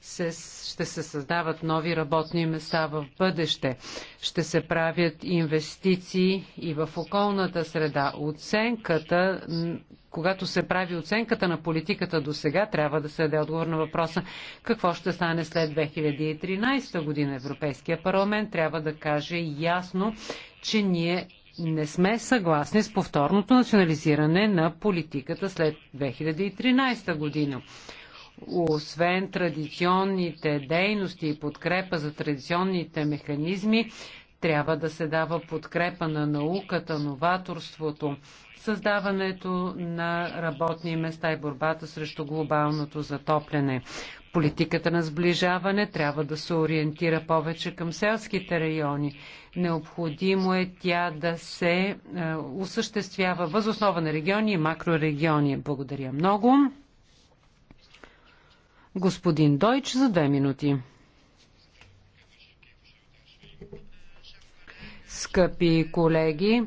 се, ще се създават нови работни места в бъдеще. Ще се правят инвестиции и в околната среда. Оценката, когато се прави оценката на политиката до сега, трябва да се даде отговор на въпроса какво ще стане след 2013 година. Европейския парламент трябва да каже ясно, че ние не сме съгласни с повторното национализиране на политиката след 2013 година. Освен традиционните дейности и подкрепа за традиционните механизми, трябва да се дава подкрепа на науката, новаторството, създаването на работни места и борбата срещу глобалното затопляне. Политиката на сближаване трябва да се ориентира повече към селските райони. Необходимо е тя да се е, осъществява възоснова на региони и макрорегиони. Благодаря много. Господин Дойч за две минути. Скъпи колеги,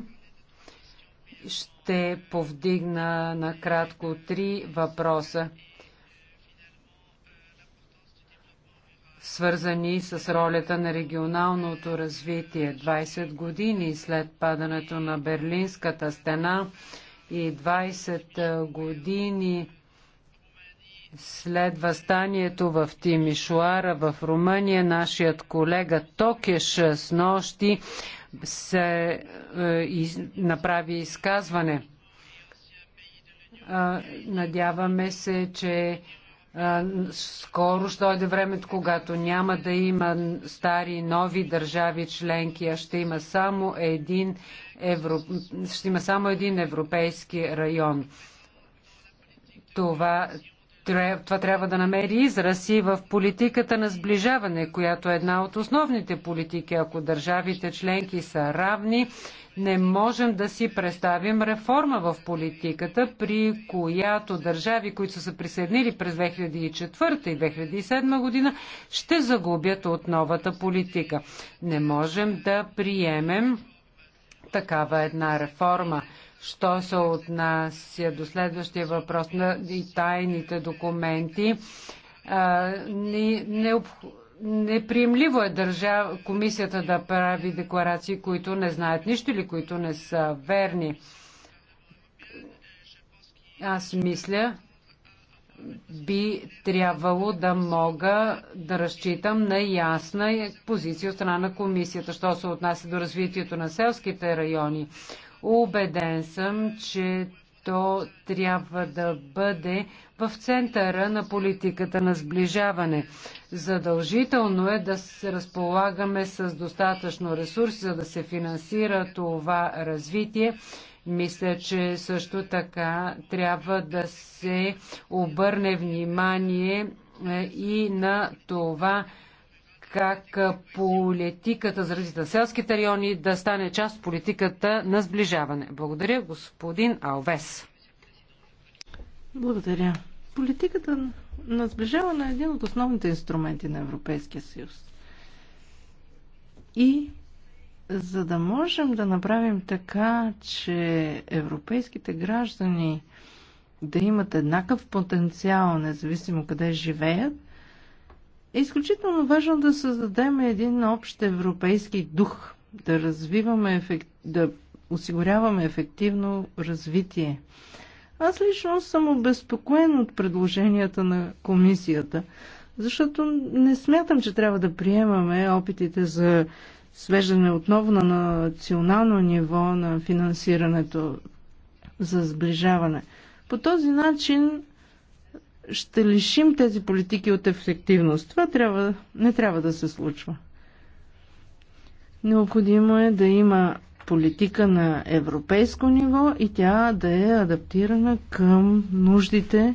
ще повдигна накратко три въпроса, свързани с ролята на регионалното развитие. 20 години след падането на Берлинската стена и 20 години след възстанието в Тимишуара в Румъния, нашият колега Токеш с нощи се е, из, направи изказване. А, надяваме се, че а, скоро ще дойде времето, когато няма да има стари и нови държави членки, а ще има само един, евро... ще има само един европейски район. Това това трябва да намери израз и в политиката на сближаване, която е една от основните политики. Ако държавите членки са равни, не можем да си представим реформа в политиката, при която държави, които са се присъединили през 2004 и 2007 година, ще загубят от новата политика. Не можем да приемем такава една реформа. Що се отнася до следващия въпрос на и тайните документи, не, не, неприемливо е държава, комисията да прави декларации, които не знаят нищо или които не са верни. Аз мисля, би трябвало да мога да разчитам на ясна позиция от страна на комисията, що се отнася до развитието на селските райони. Убеден съм, че то трябва да бъде в центъра на политиката на сближаване. Задължително е да се разполагаме с достатъчно ресурси, за да се финансира това развитие. Мисля, че също така трябва да се обърне внимание е, и на това, как политиката за развитие на селските райони да стане част от политиката на сближаване. Благодаря, господин Алвес. Благодаря. Политиката на сближаване е един от основните инструменти на Европейския съюз. И за да можем да направим така, че европейските граждани да имат еднакъв потенциал, независимо къде живеят, е изключително важно да създадем един общ европейски дух, да развиваме, ефект, да осигуряваме ефективно развитие. Аз лично съм обезпокоен от предложенията на комисията, защото не смятам, че трябва да приемаме опитите за свеждане отново на национално ниво на финансирането за сближаване. По този начин ще лишим тези политики от ефективност. Това трябва, не трябва да се случва. Необходимо е да има политика на европейско ниво и тя да е адаптирана към нуждите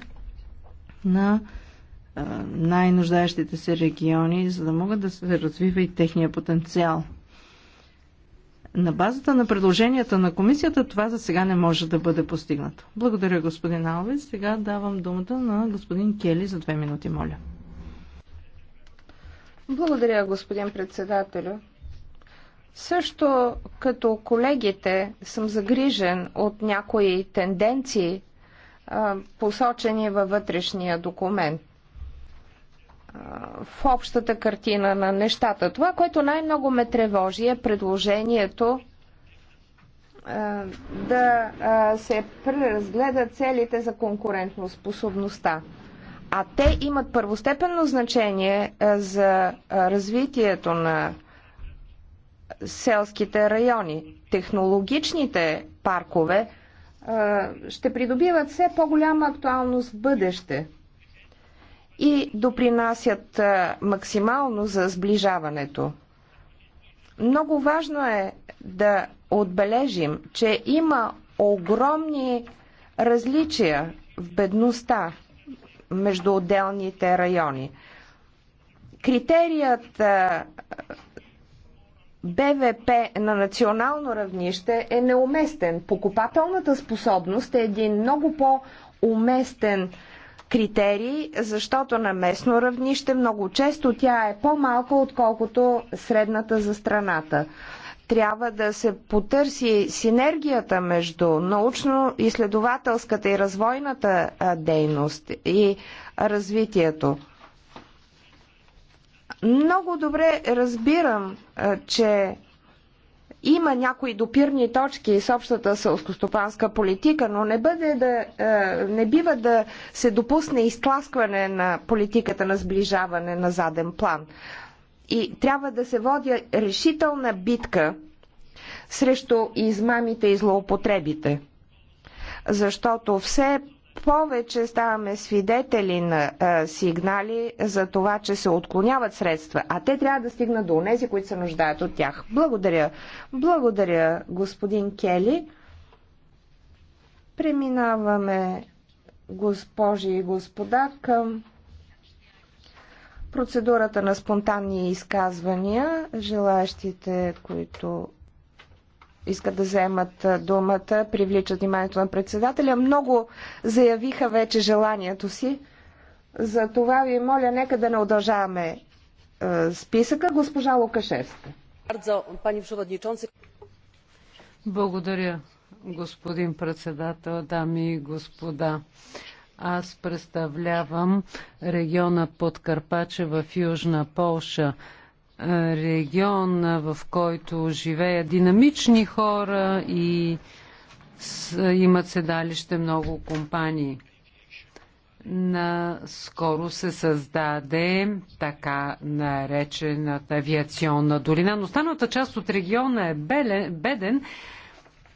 на най-нуждаещите се региони, за да могат да се развива и техния потенциал. На базата на предложенията на комисията това за сега не може да бъде постигнато. Благодаря, господин Алви. Сега давам думата на господин Кели за две минути, моля. Благодаря, господин председателю. Също като колегите съм загрижен от някои тенденции, посочени във вътрешния документ в общата картина на нещата. Това, което най-много ме тревожи е предложението да се преразгледа целите за конкурентоспособността. А те имат първостепенно значение за развитието на селските райони. Технологичните паркове ще придобиват все по-голяма актуалност в бъдеще – и допринасят максимално за сближаването. Много важно е да отбележим, че има огромни различия в бедността между отделните райони. Критерият БВП на национално равнище е неуместен. Покупателната способност е един много по-уместен Критерии, защото на местно равнище много често тя е по-малка, отколкото средната за страната. Трябва да се потърси синергията между научно-изследователската и развойната дейност и развитието. Много добре разбирам, че има някои допирни точки с общата селскостопанска политика, но не, бъде да, е, не бива да се допусне изтласкване на политиката на сближаване на заден план. И трябва да се води решителна битка срещу измамите и злоупотребите. Защото все повече ставаме свидетели на а, сигнали за това, че се отклоняват средства, а те трябва да стигнат до тези, които се нуждаят от тях. Благодаря. Благодаря, господин Кели. Преминаваме, госпожи и господа, към процедурата на спонтанни изказвания. Желаящите, които искат да вземат думата, привличат вниманието на председателя. Много заявиха вече желанието си. За това ви моля, нека да не удължаваме списъка. Госпожа Лукашевска. Благодаря, господин председател, дами и господа. Аз представлявам региона Под Карпаче в Южна Полша регион, в който живеят динамични хора и имат седалище много компании. Наскоро се създаде така наречената авиационна долина, но останалата част от региона е беден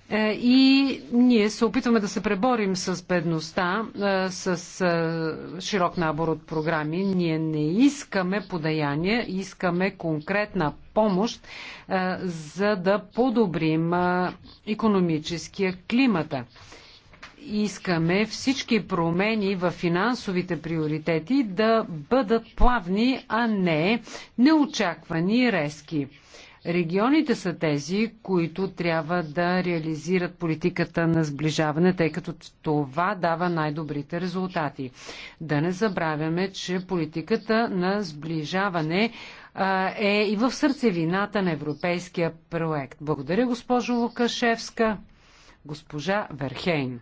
е, и ние се опитваме да се преборим с бедността, е, с е, широк набор от програми. Ние не искаме подаяние, искаме конкретна помощ, за да подобрим економическия климата. Искаме всички промени в финансовите приоритети да бъдат плавни, а не неочаквани и резки Регионите са тези, които трябва да реализират политиката на сближаване, тъй като това дава най-добрите резултати. Да не забравяме, че политиката на сближаване е и в сърцевината на европейския проект. Благодаря, госпожо Лукашевска. Госпожа Верхейн.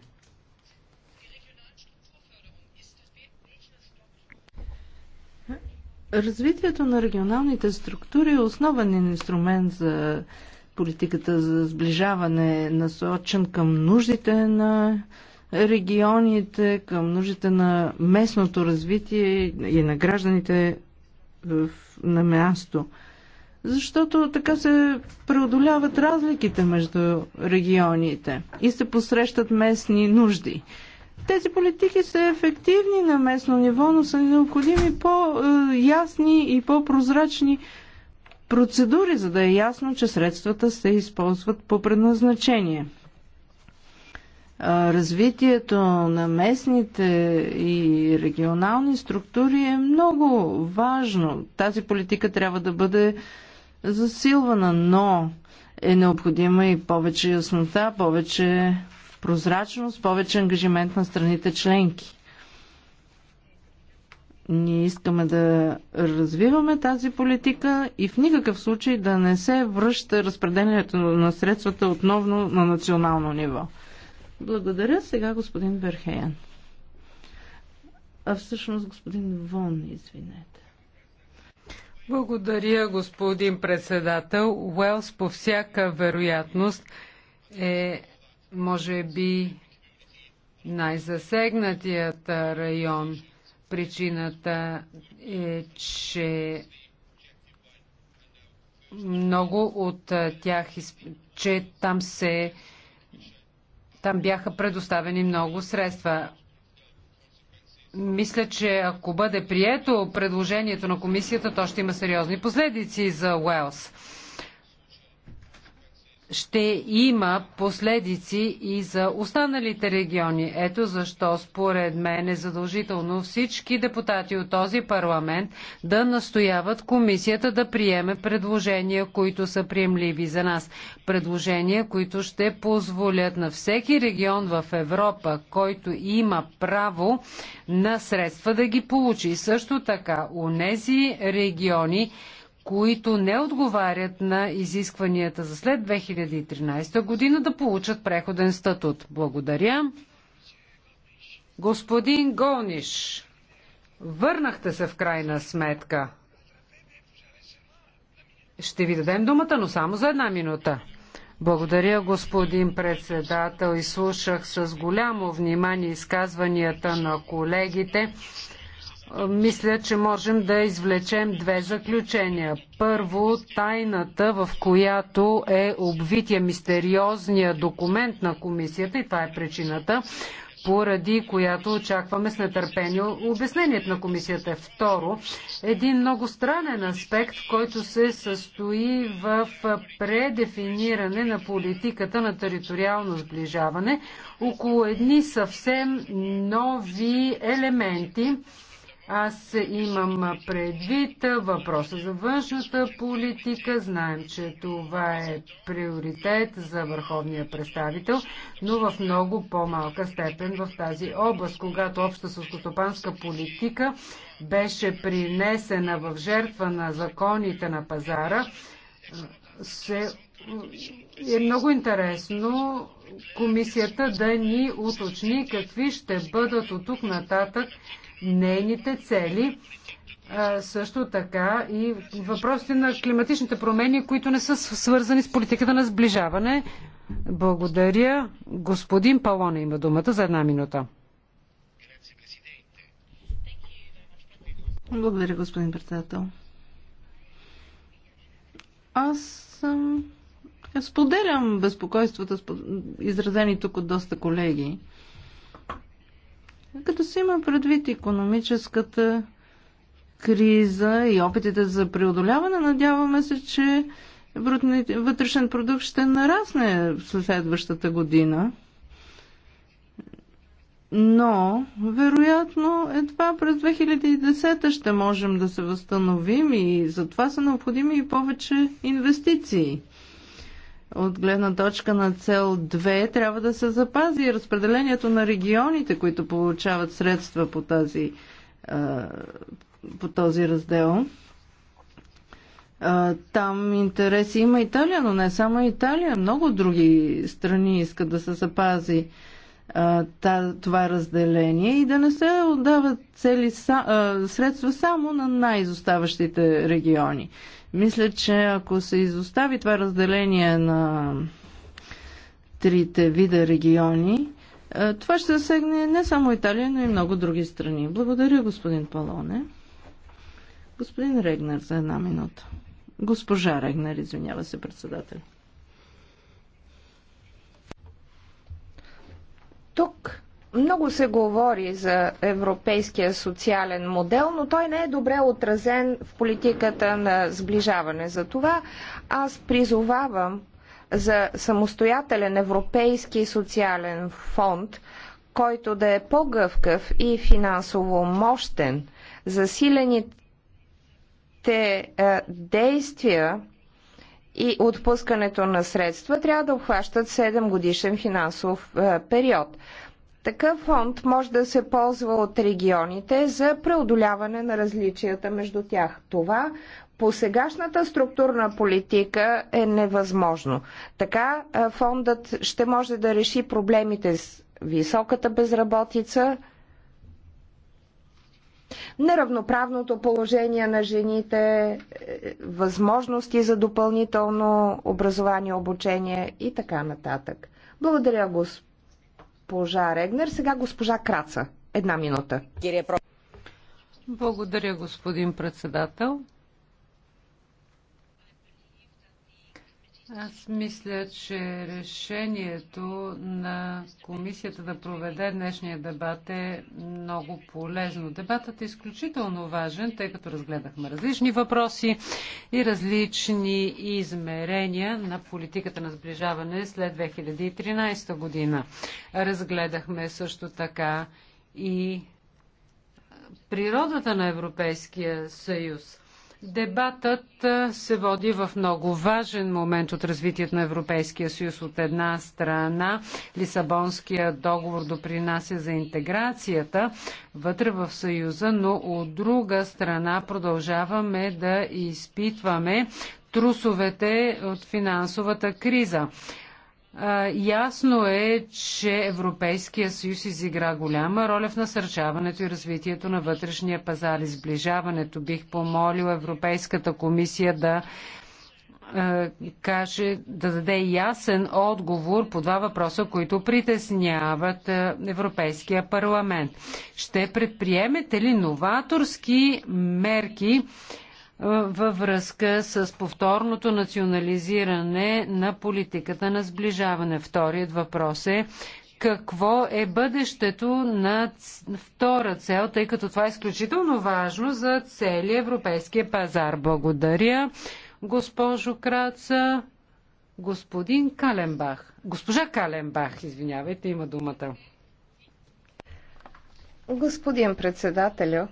Развитието на регионалните структури е основен инструмент за политиката за сближаване, насочен към нуждите на регионите, към нуждите на местното развитие и на гражданите на място. Защото така се преодоляват разликите между регионите и се посрещат местни нужди. Тези политики са ефективни на местно ниво, но са необходими по-ясни и по-прозрачни процедури, за да е ясно, че средствата се използват по предназначение. Развитието на местните и регионални структури е много важно. Тази политика трябва да бъде засилвана, но е необходима и повече яснота, повече прозрачност, повече ангажимент на страните членки. Ние искаме да развиваме тази политика и в никакъв случай да не се връща разпределението на средствата отново на национално ниво. Благодаря сега господин Берхеян. А всъщност господин Вон, извинете. Благодаря, господин председател. Уелс по всяка вероятност е може би най-засегнатият район. Причината е, че много от тях, че там се там бяха предоставени много средства. Мисля, че ако бъде прието предложението на комисията, то ще има сериозни последици за Уелс ще има последици и за останалите региони. Ето защо според мен е задължително всички депутати от този парламент да настояват комисията да приеме предложения, които са приемливи за нас. Предложения, които ще позволят на всеки регион в Европа, който има право на средства да ги получи. Също така, у нези региони, които не отговарят на изискванията за след 2013 година да получат преходен статут. Благодаря. Господин Голниш, върнахте се в крайна сметка. Ще ви дадем думата, но само за една минута. Благодаря, господин председател. слушах с голямо внимание изказванията на колегите мисля, че можем да извлечем две заключения. Първо, тайната, в която е обвития мистериозния документ на комисията, и това е причината, поради която очакваме с нетърпение обяснението на комисията. Второ, един много странен аспект, който се състои в предефиниране на политиката на териториално сближаване около едни съвсем нови елементи, аз имам предвид въпроса за външната политика. Знаем, че това е приоритет за върховния представител, но в много по-малка степен в тази област, когато обща сълскостопанска политика беше принесена в жертва на законите на пазара, се е много интересно комисията да ни уточни какви ще бъдат от тук нататък нейните цели, също така и въпросите на климатичните промени, които не са свързани с политиката на сближаване. Благодаря. Господин Палоне има думата за една минута. Благодаря, господин председател. Аз съм... Споделям безпокойствата, изразени тук от доста колеги. Като се има предвид економическата криза и опитите за преодоляване, надяваме се, че вътрешен продукт ще нарасне в следващата година. Но, вероятно, едва през 2010 ще можем да се възстановим и затова са необходими и повече инвестиции от гледна точка на цел 2 трябва да се запази разпределението на регионите, които получават средства по, тази, по този раздел. Там интереси има Италия, но не само Италия. Много други страни искат да се запази това разделение и да не се отдават цели средства само на най-изоставащите региони. Мисля, че ако се изостави това разделение на трите вида региони, е, това ще засегне не само Италия, но и много други страни. Благодаря, господин Палоне. Господин Регнер за една минута. Госпожа Регнер, извинява се председател. Тук много се говори за европейския социален модел, но той не е добре отразен в политиката на сближаване. Затова аз призовавам за самостоятелен европейски социален фонд, който да е по-гъвкав и финансово мощен. Засилените е, действия и отпускането на средства трябва да обхващат 7 годишен финансов е, период. Такъв фонд може да се ползва от регионите за преодоляване на различията между тях. Това по сегашната структурна политика е невъзможно. Така фондът ще може да реши проблемите с високата безработица, неравноправното положение на жените, е, възможности за допълнително образование, обучение и така нататък. Благодаря, господин госпожа Регнер. Сега госпожа Краца. Една минута. Благодаря, господин председател. Аз мисля, че решението на комисията да проведе днешния дебат е много полезно. Дебатът е изключително важен, тъй като разгледахме различни въпроси и различни измерения на политиката на сближаване след 2013 година. Разгледахме също така и природата на Европейския съюз. Дебатът се води в много важен момент от развитието на Европейския съюз. От една страна Лисабонския договор допринася за интеграцията вътре в съюза, но от друга страна продължаваме да изпитваме трусовете от финансовата криза. Ясно е, че Европейския съюз изигра голяма роля в насърчаването и развитието на вътрешния пазар и сближаването. Бих помолил Европейската комисия да каже, да даде ясен отговор по два въпроса, които притесняват Европейския парламент. Ще предприемете ли новаторски мерки във връзка с повторното национализиране на политиката на сближаване. Вторият въпрос е какво е бъдещето на втора цел, тъй като това е изключително важно за целия европейския пазар. Благодаря, госпожо Краца. Господин Каленбах. Госпожа Каленбах, извинявайте, има думата. Господин председателю,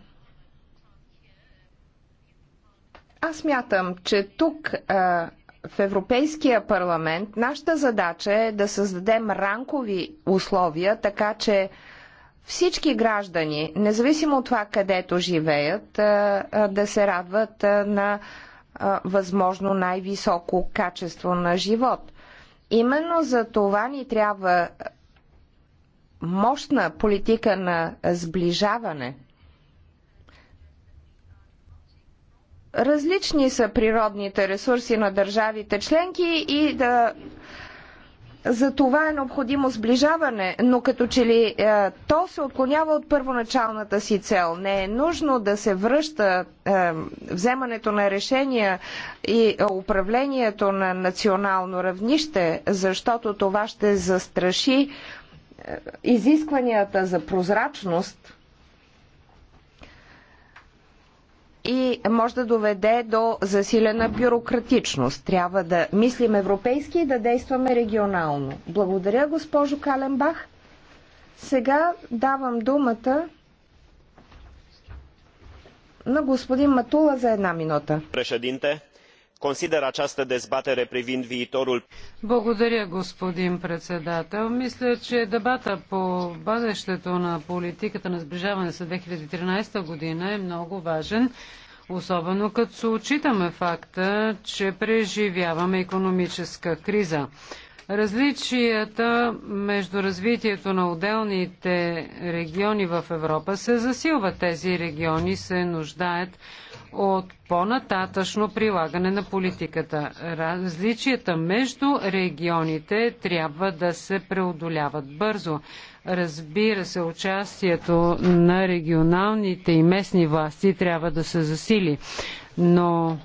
Аз мятам, че тук а, е, в Европейския парламент нашата задача е да създадем ранкови условия, така че всички граждани, независимо от това където живеят, а, е, а, е, да се радват а, на а, възможно най-високо качество на живот. Именно за това ни трябва мощна политика на сближаване – Различни са природните ресурси на държавите членки и да за това е необходимо сближаване, но като че ли е, то се отклонява от първоначалната си цел. Не е нужно да се връща е, вземането на решения и управлението на национално равнище, защото това ще застраши е, изискванията за прозрачност – и може да доведе до засилена бюрократичност. Трябва да мислим европейски и да действаме регионално. Благодаря, госпожо Каленбах. Сега давам думата на господин Матула за една минута. Președинте, consider această dezbatere privind viitorul. Благодаря, господин председател. Мисля, че дебата по бъдещето на политиката на сближаване 2013 година е много важен, особено като се отчитаме факта, че преживяваме економическа криза. Различията между развитието на отделните региони в Европа се засилват. Тези региони се нуждаят от по-нататъчно прилагане на политиката. Различията между регионите трябва да се преодоляват бързо. Разбира се, участието на регионалните и местни власти трябва да се засили, но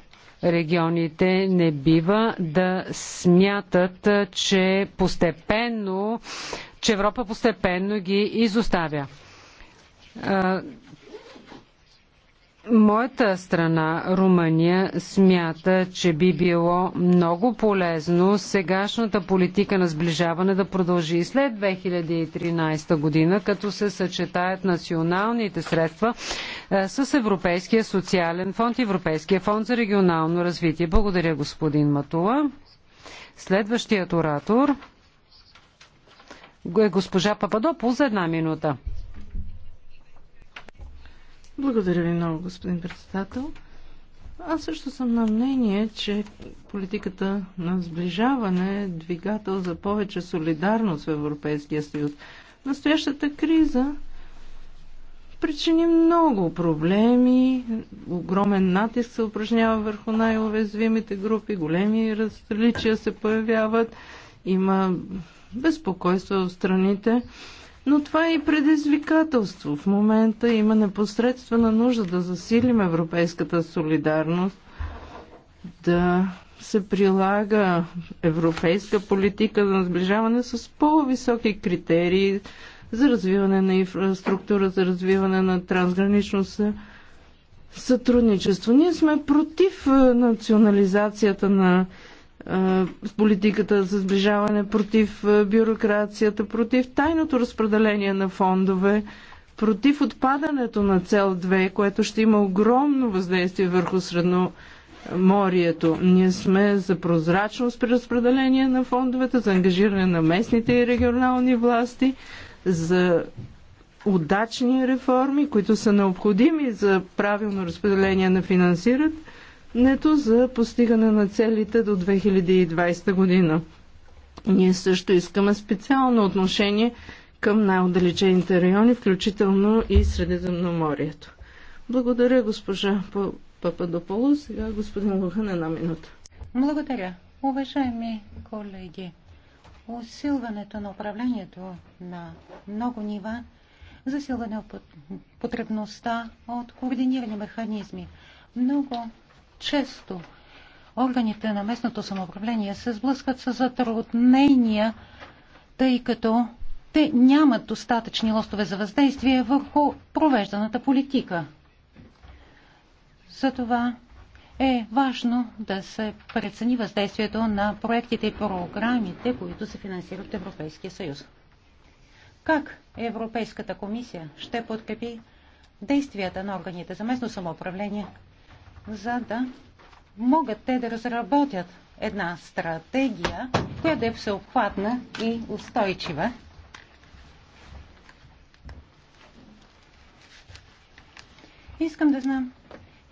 регионите не бива да смятат, че постепенно, че Европа постепенно ги изоставя Моята страна, Румъния, смята, че би било много полезно сегашната политика на сближаване да продължи и след 2013 година, като се съчетаят националните средства е, с Европейския социален фонд и Европейския фонд за регионално развитие. Благодаря, господин Матула. Следващият оратор е госпожа Пападопол за една минута. Благодаря ви много, господин председател. Аз също съм на мнение, че политиката на сближаване е двигател за повече солидарност в Европейския съюз. Настоящата криза причини много проблеми, огромен натиск се упражнява върху най-уязвимите групи, големи различия се появяват, има безпокойство в страните. Но това е и предизвикателство. В момента има непосредствена нужда да засилим европейската солидарност, да се прилага европейска политика за сближаване с по-високи критерии за развиване на инфраструктура, за развиване на трансгранично сътрудничество. Ние сме против е, национализацията на с политиката за сближаване, против бюрокрацията, против тайното разпределение на фондове, против отпадането на цел 2, което ще има огромно въздействие върху средноморието. Ние сме за прозрачност при разпределение на фондовете, за ангажиране на местните и регионални власти, за удачни реформи, които са необходими за правилно разпределение на финансирането нето за постигане на целите до 2020 година. Ние също искаме специално отношение към най-отдалечените райони, включително и Средиземноморието. Благодаря, госпожа Пападополу. Сега господин Лухан, една минута. Благодаря. Уважаеми колеги, усилването на управлението на много нива, засилване на потребността от координирани механизми. Много често органите на местното самоуправление се сблъскват с затруднения, тъй като те нямат достатъчни лостове за въздействие върху провежданата политика. Затова е важно да се прецени въздействието на проектите и програмите, които се финансират от Европейския съюз. Как Европейската комисия ще подкрепи действията на органите за местно самоуправление за да могат те да разработят една стратегия, която да е всеобхватна и устойчива. Искам да знам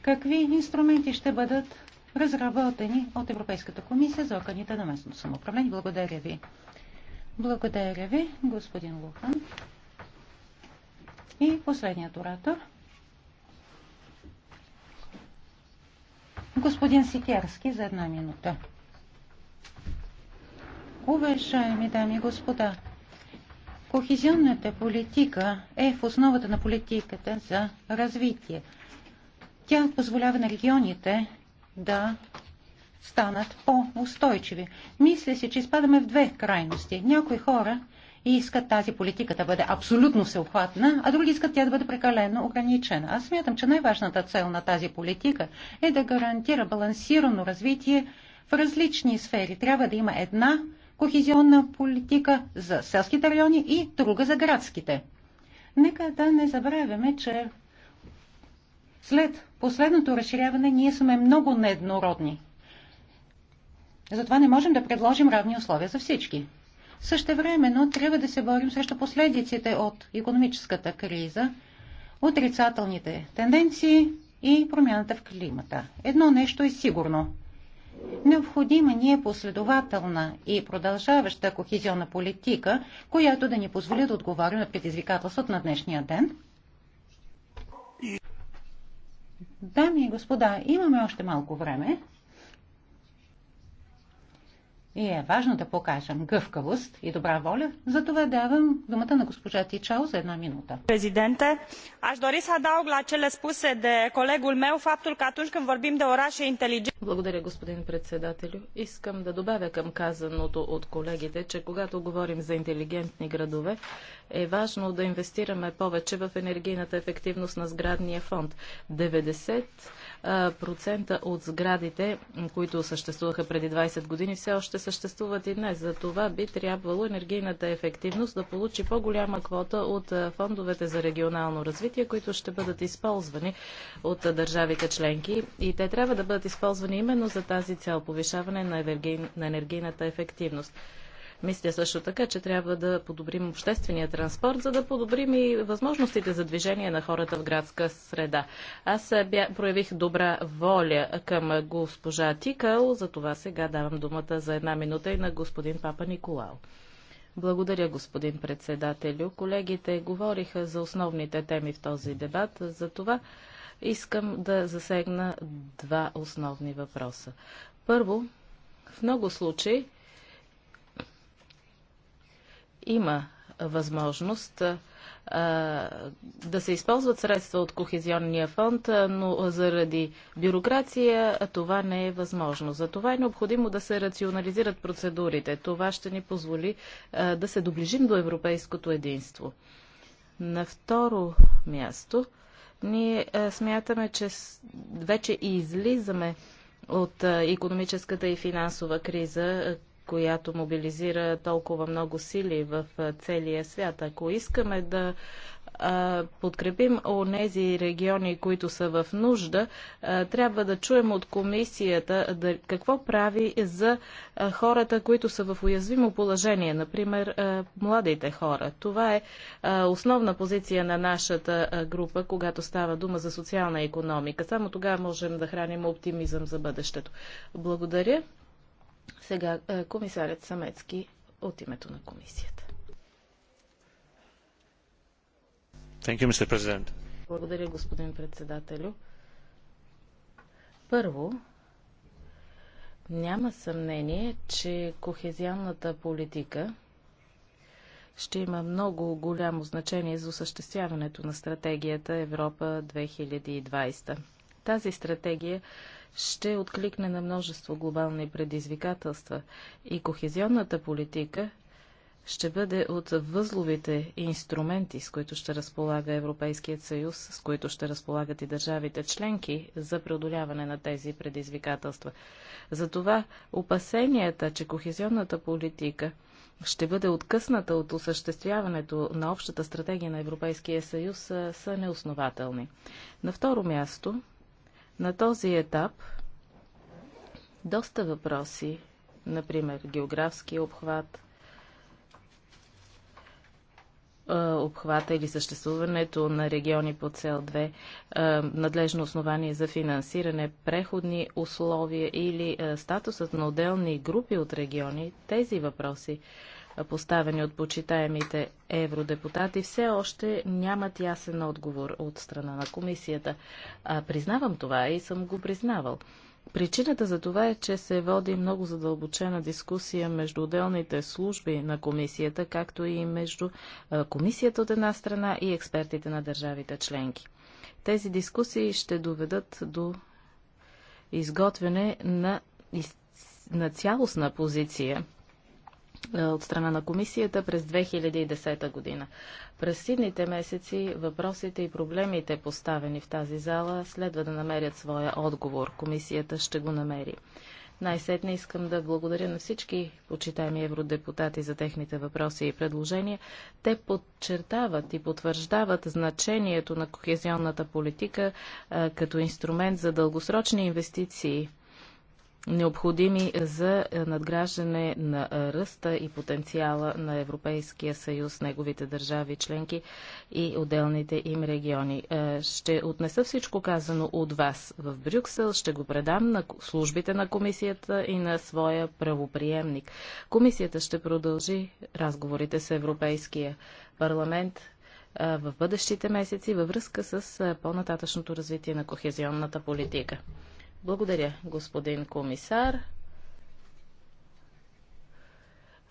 какви инструменти ще бъдат разработени от Европейската комисия за органите на местното самоуправление. Благодаря ви. Благодаря ви, господин Лухан. И последният оратор – Господин Сикерски за една минута. Уважаеми дами и господа, кохезионната политика е в основата на политиката за развитие. Тя позволява на регионите да станат по-устойчиви. Мисля си, че изпадаме в две крайности. Някои хора и искат тази политика да бъде абсолютно всеобхватна, а други искат тя да бъде прекалено ограничена. Аз смятам, че най-важната цел на тази политика е да гарантира балансирано развитие в различни сфери. Трябва да има една кохезионна политика за селските райони и друга за градските. Нека да не забравяме, че след последното разширяване ние сме много нееднородни. Затова не можем да предложим равни условия за всички. Същевременно трябва да се борим срещу последиците от економическата криза, отрицателните тенденции и промяната в климата. Едно нещо е сигурно. Необходима ни е последователна и продължаваща кохезионна политика, която да ни позволи да отговаря на предизвикателството на днешния ден. Дами и господа, имаме още малко време. И е важно да покажем гъвкавост и добра воля. За това давам думата на госпожа Тичао за една минута. Президенте, aș dori să adaug la cele spuse de colegul meu faptul că atunci când vorbim de orașe inteligente... Благодаря, господин председателю. Искам да добавя към казаното от колегите, че когато говорим за интелигентни градове, е важно да инвестираме повече в енергийната ефективност на сградния фонд. 90 процента от сградите, които съществуваха преди 20 години, все още съществуват и днес. За това би трябвало енергийната ефективност да получи по-голяма квота от фондовете за регионално развитие, които ще бъдат използвани от държавите членки. И те трябва да бъдат използвани именно за тази цел повишаване на, на енергийната ефективност. Мисля също така, че трябва да подобрим обществения транспорт, за да подобрим и възможностите за движение на хората в градска среда. Аз е, бя, проявих добра воля към госпожа Тикал, за това сега давам думата за една минута и на господин Папа Николао. Благодаря, господин председателю. Колегите говориха за основните теми в този дебат, за това искам да засегна два основни въпроса. Първо, в много случаи има възможност да се използват средства от Кохезионния фонд, но заради бюрокрация това не е възможно. За това е необходимо да се рационализират процедурите. Това ще ни позволи да се доближим до европейското единство. На второ място, ние смятаме, че вече и излизаме от економическата и финансова криза, която мобилизира толкова много сили в целия свят. Ако искаме да подкрепим онези региони, които са в нужда, трябва да чуем от комисията какво прави за хората, които са в уязвимо положение, например младите хора. Това е основна позиция на нашата група, когато става дума за социална економика. Само тогава можем да храним оптимизъм за бъдещето. Благодаря. Сега е, комисарят Самецки от името на комисията. You, Благодаря, господин председателю. Първо, няма съмнение, че кохезионната политика ще има много голямо значение за осъществяването на стратегията Европа 2020. Тази стратегия ще откликне на множество глобални предизвикателства и кохезионната политика ще бъде от възловите инструменти, с които ще разполага Европейският съюз, с които ще разполагат и държавите членки за преодоляване на тези предизвикателства. Затова опасенията, че кохезионната политика ще бъде откъсната от осъществяването на общата стратегия на Европейския съюз са неоснователни. На второ място, на този етап доста въпроси, например географски обхват, обхвата или съществуването на региони по цел 2, надлежно основание за финансиране, преходни условия или статусът на отделни групи от региони, тези въпроси поставени от почитаемите евродепутати, все още нямат ясен отговор от страна на комисията. А, признавам това и съм го признавал. Причината за това е, че се води много задълбочена дискусия между отделните служби на комисията, както и между комисията от една страна и експертите на държавите членки. Тези дискусии ще доведат до изготвяне на, на цялостна позиция е, от страна на комисията през 2010 година. През сидните месеци въпросите и проблемите, поставени в тази зала, следва да намерят своя отговор. Комисията ще го намери. Най-сетне искам да благодаря на всички почитаеми евродепутати за техните въпроси и предложения. Те подчертават и потвърждават значението на кохезионната политика а, е, като инструмент за дългосрочни инвестиции необходими за надграждане на ръста и потенциала на Европейския съюз, неговите държави членки и отделните им региони. Е, ще отнеса всичко казано от вас в Брюксел, ще го предам на службите на комисията и на своя правоприемник. Комисията ще продължи разговорите с Европейския парламент е, в бъдещите месеци във връзка с е, по-нататъчното развитие на кохезионната политика. Благодаря, господин комисар.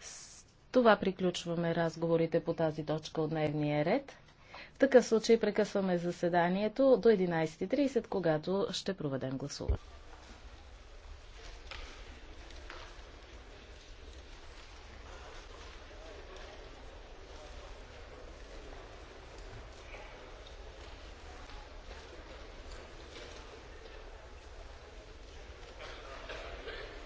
С това приключваме разговорите по тази точка от дневния ред. В такъв случай прекъсваме заседанието до 11.30, когато ще проведем гласуване.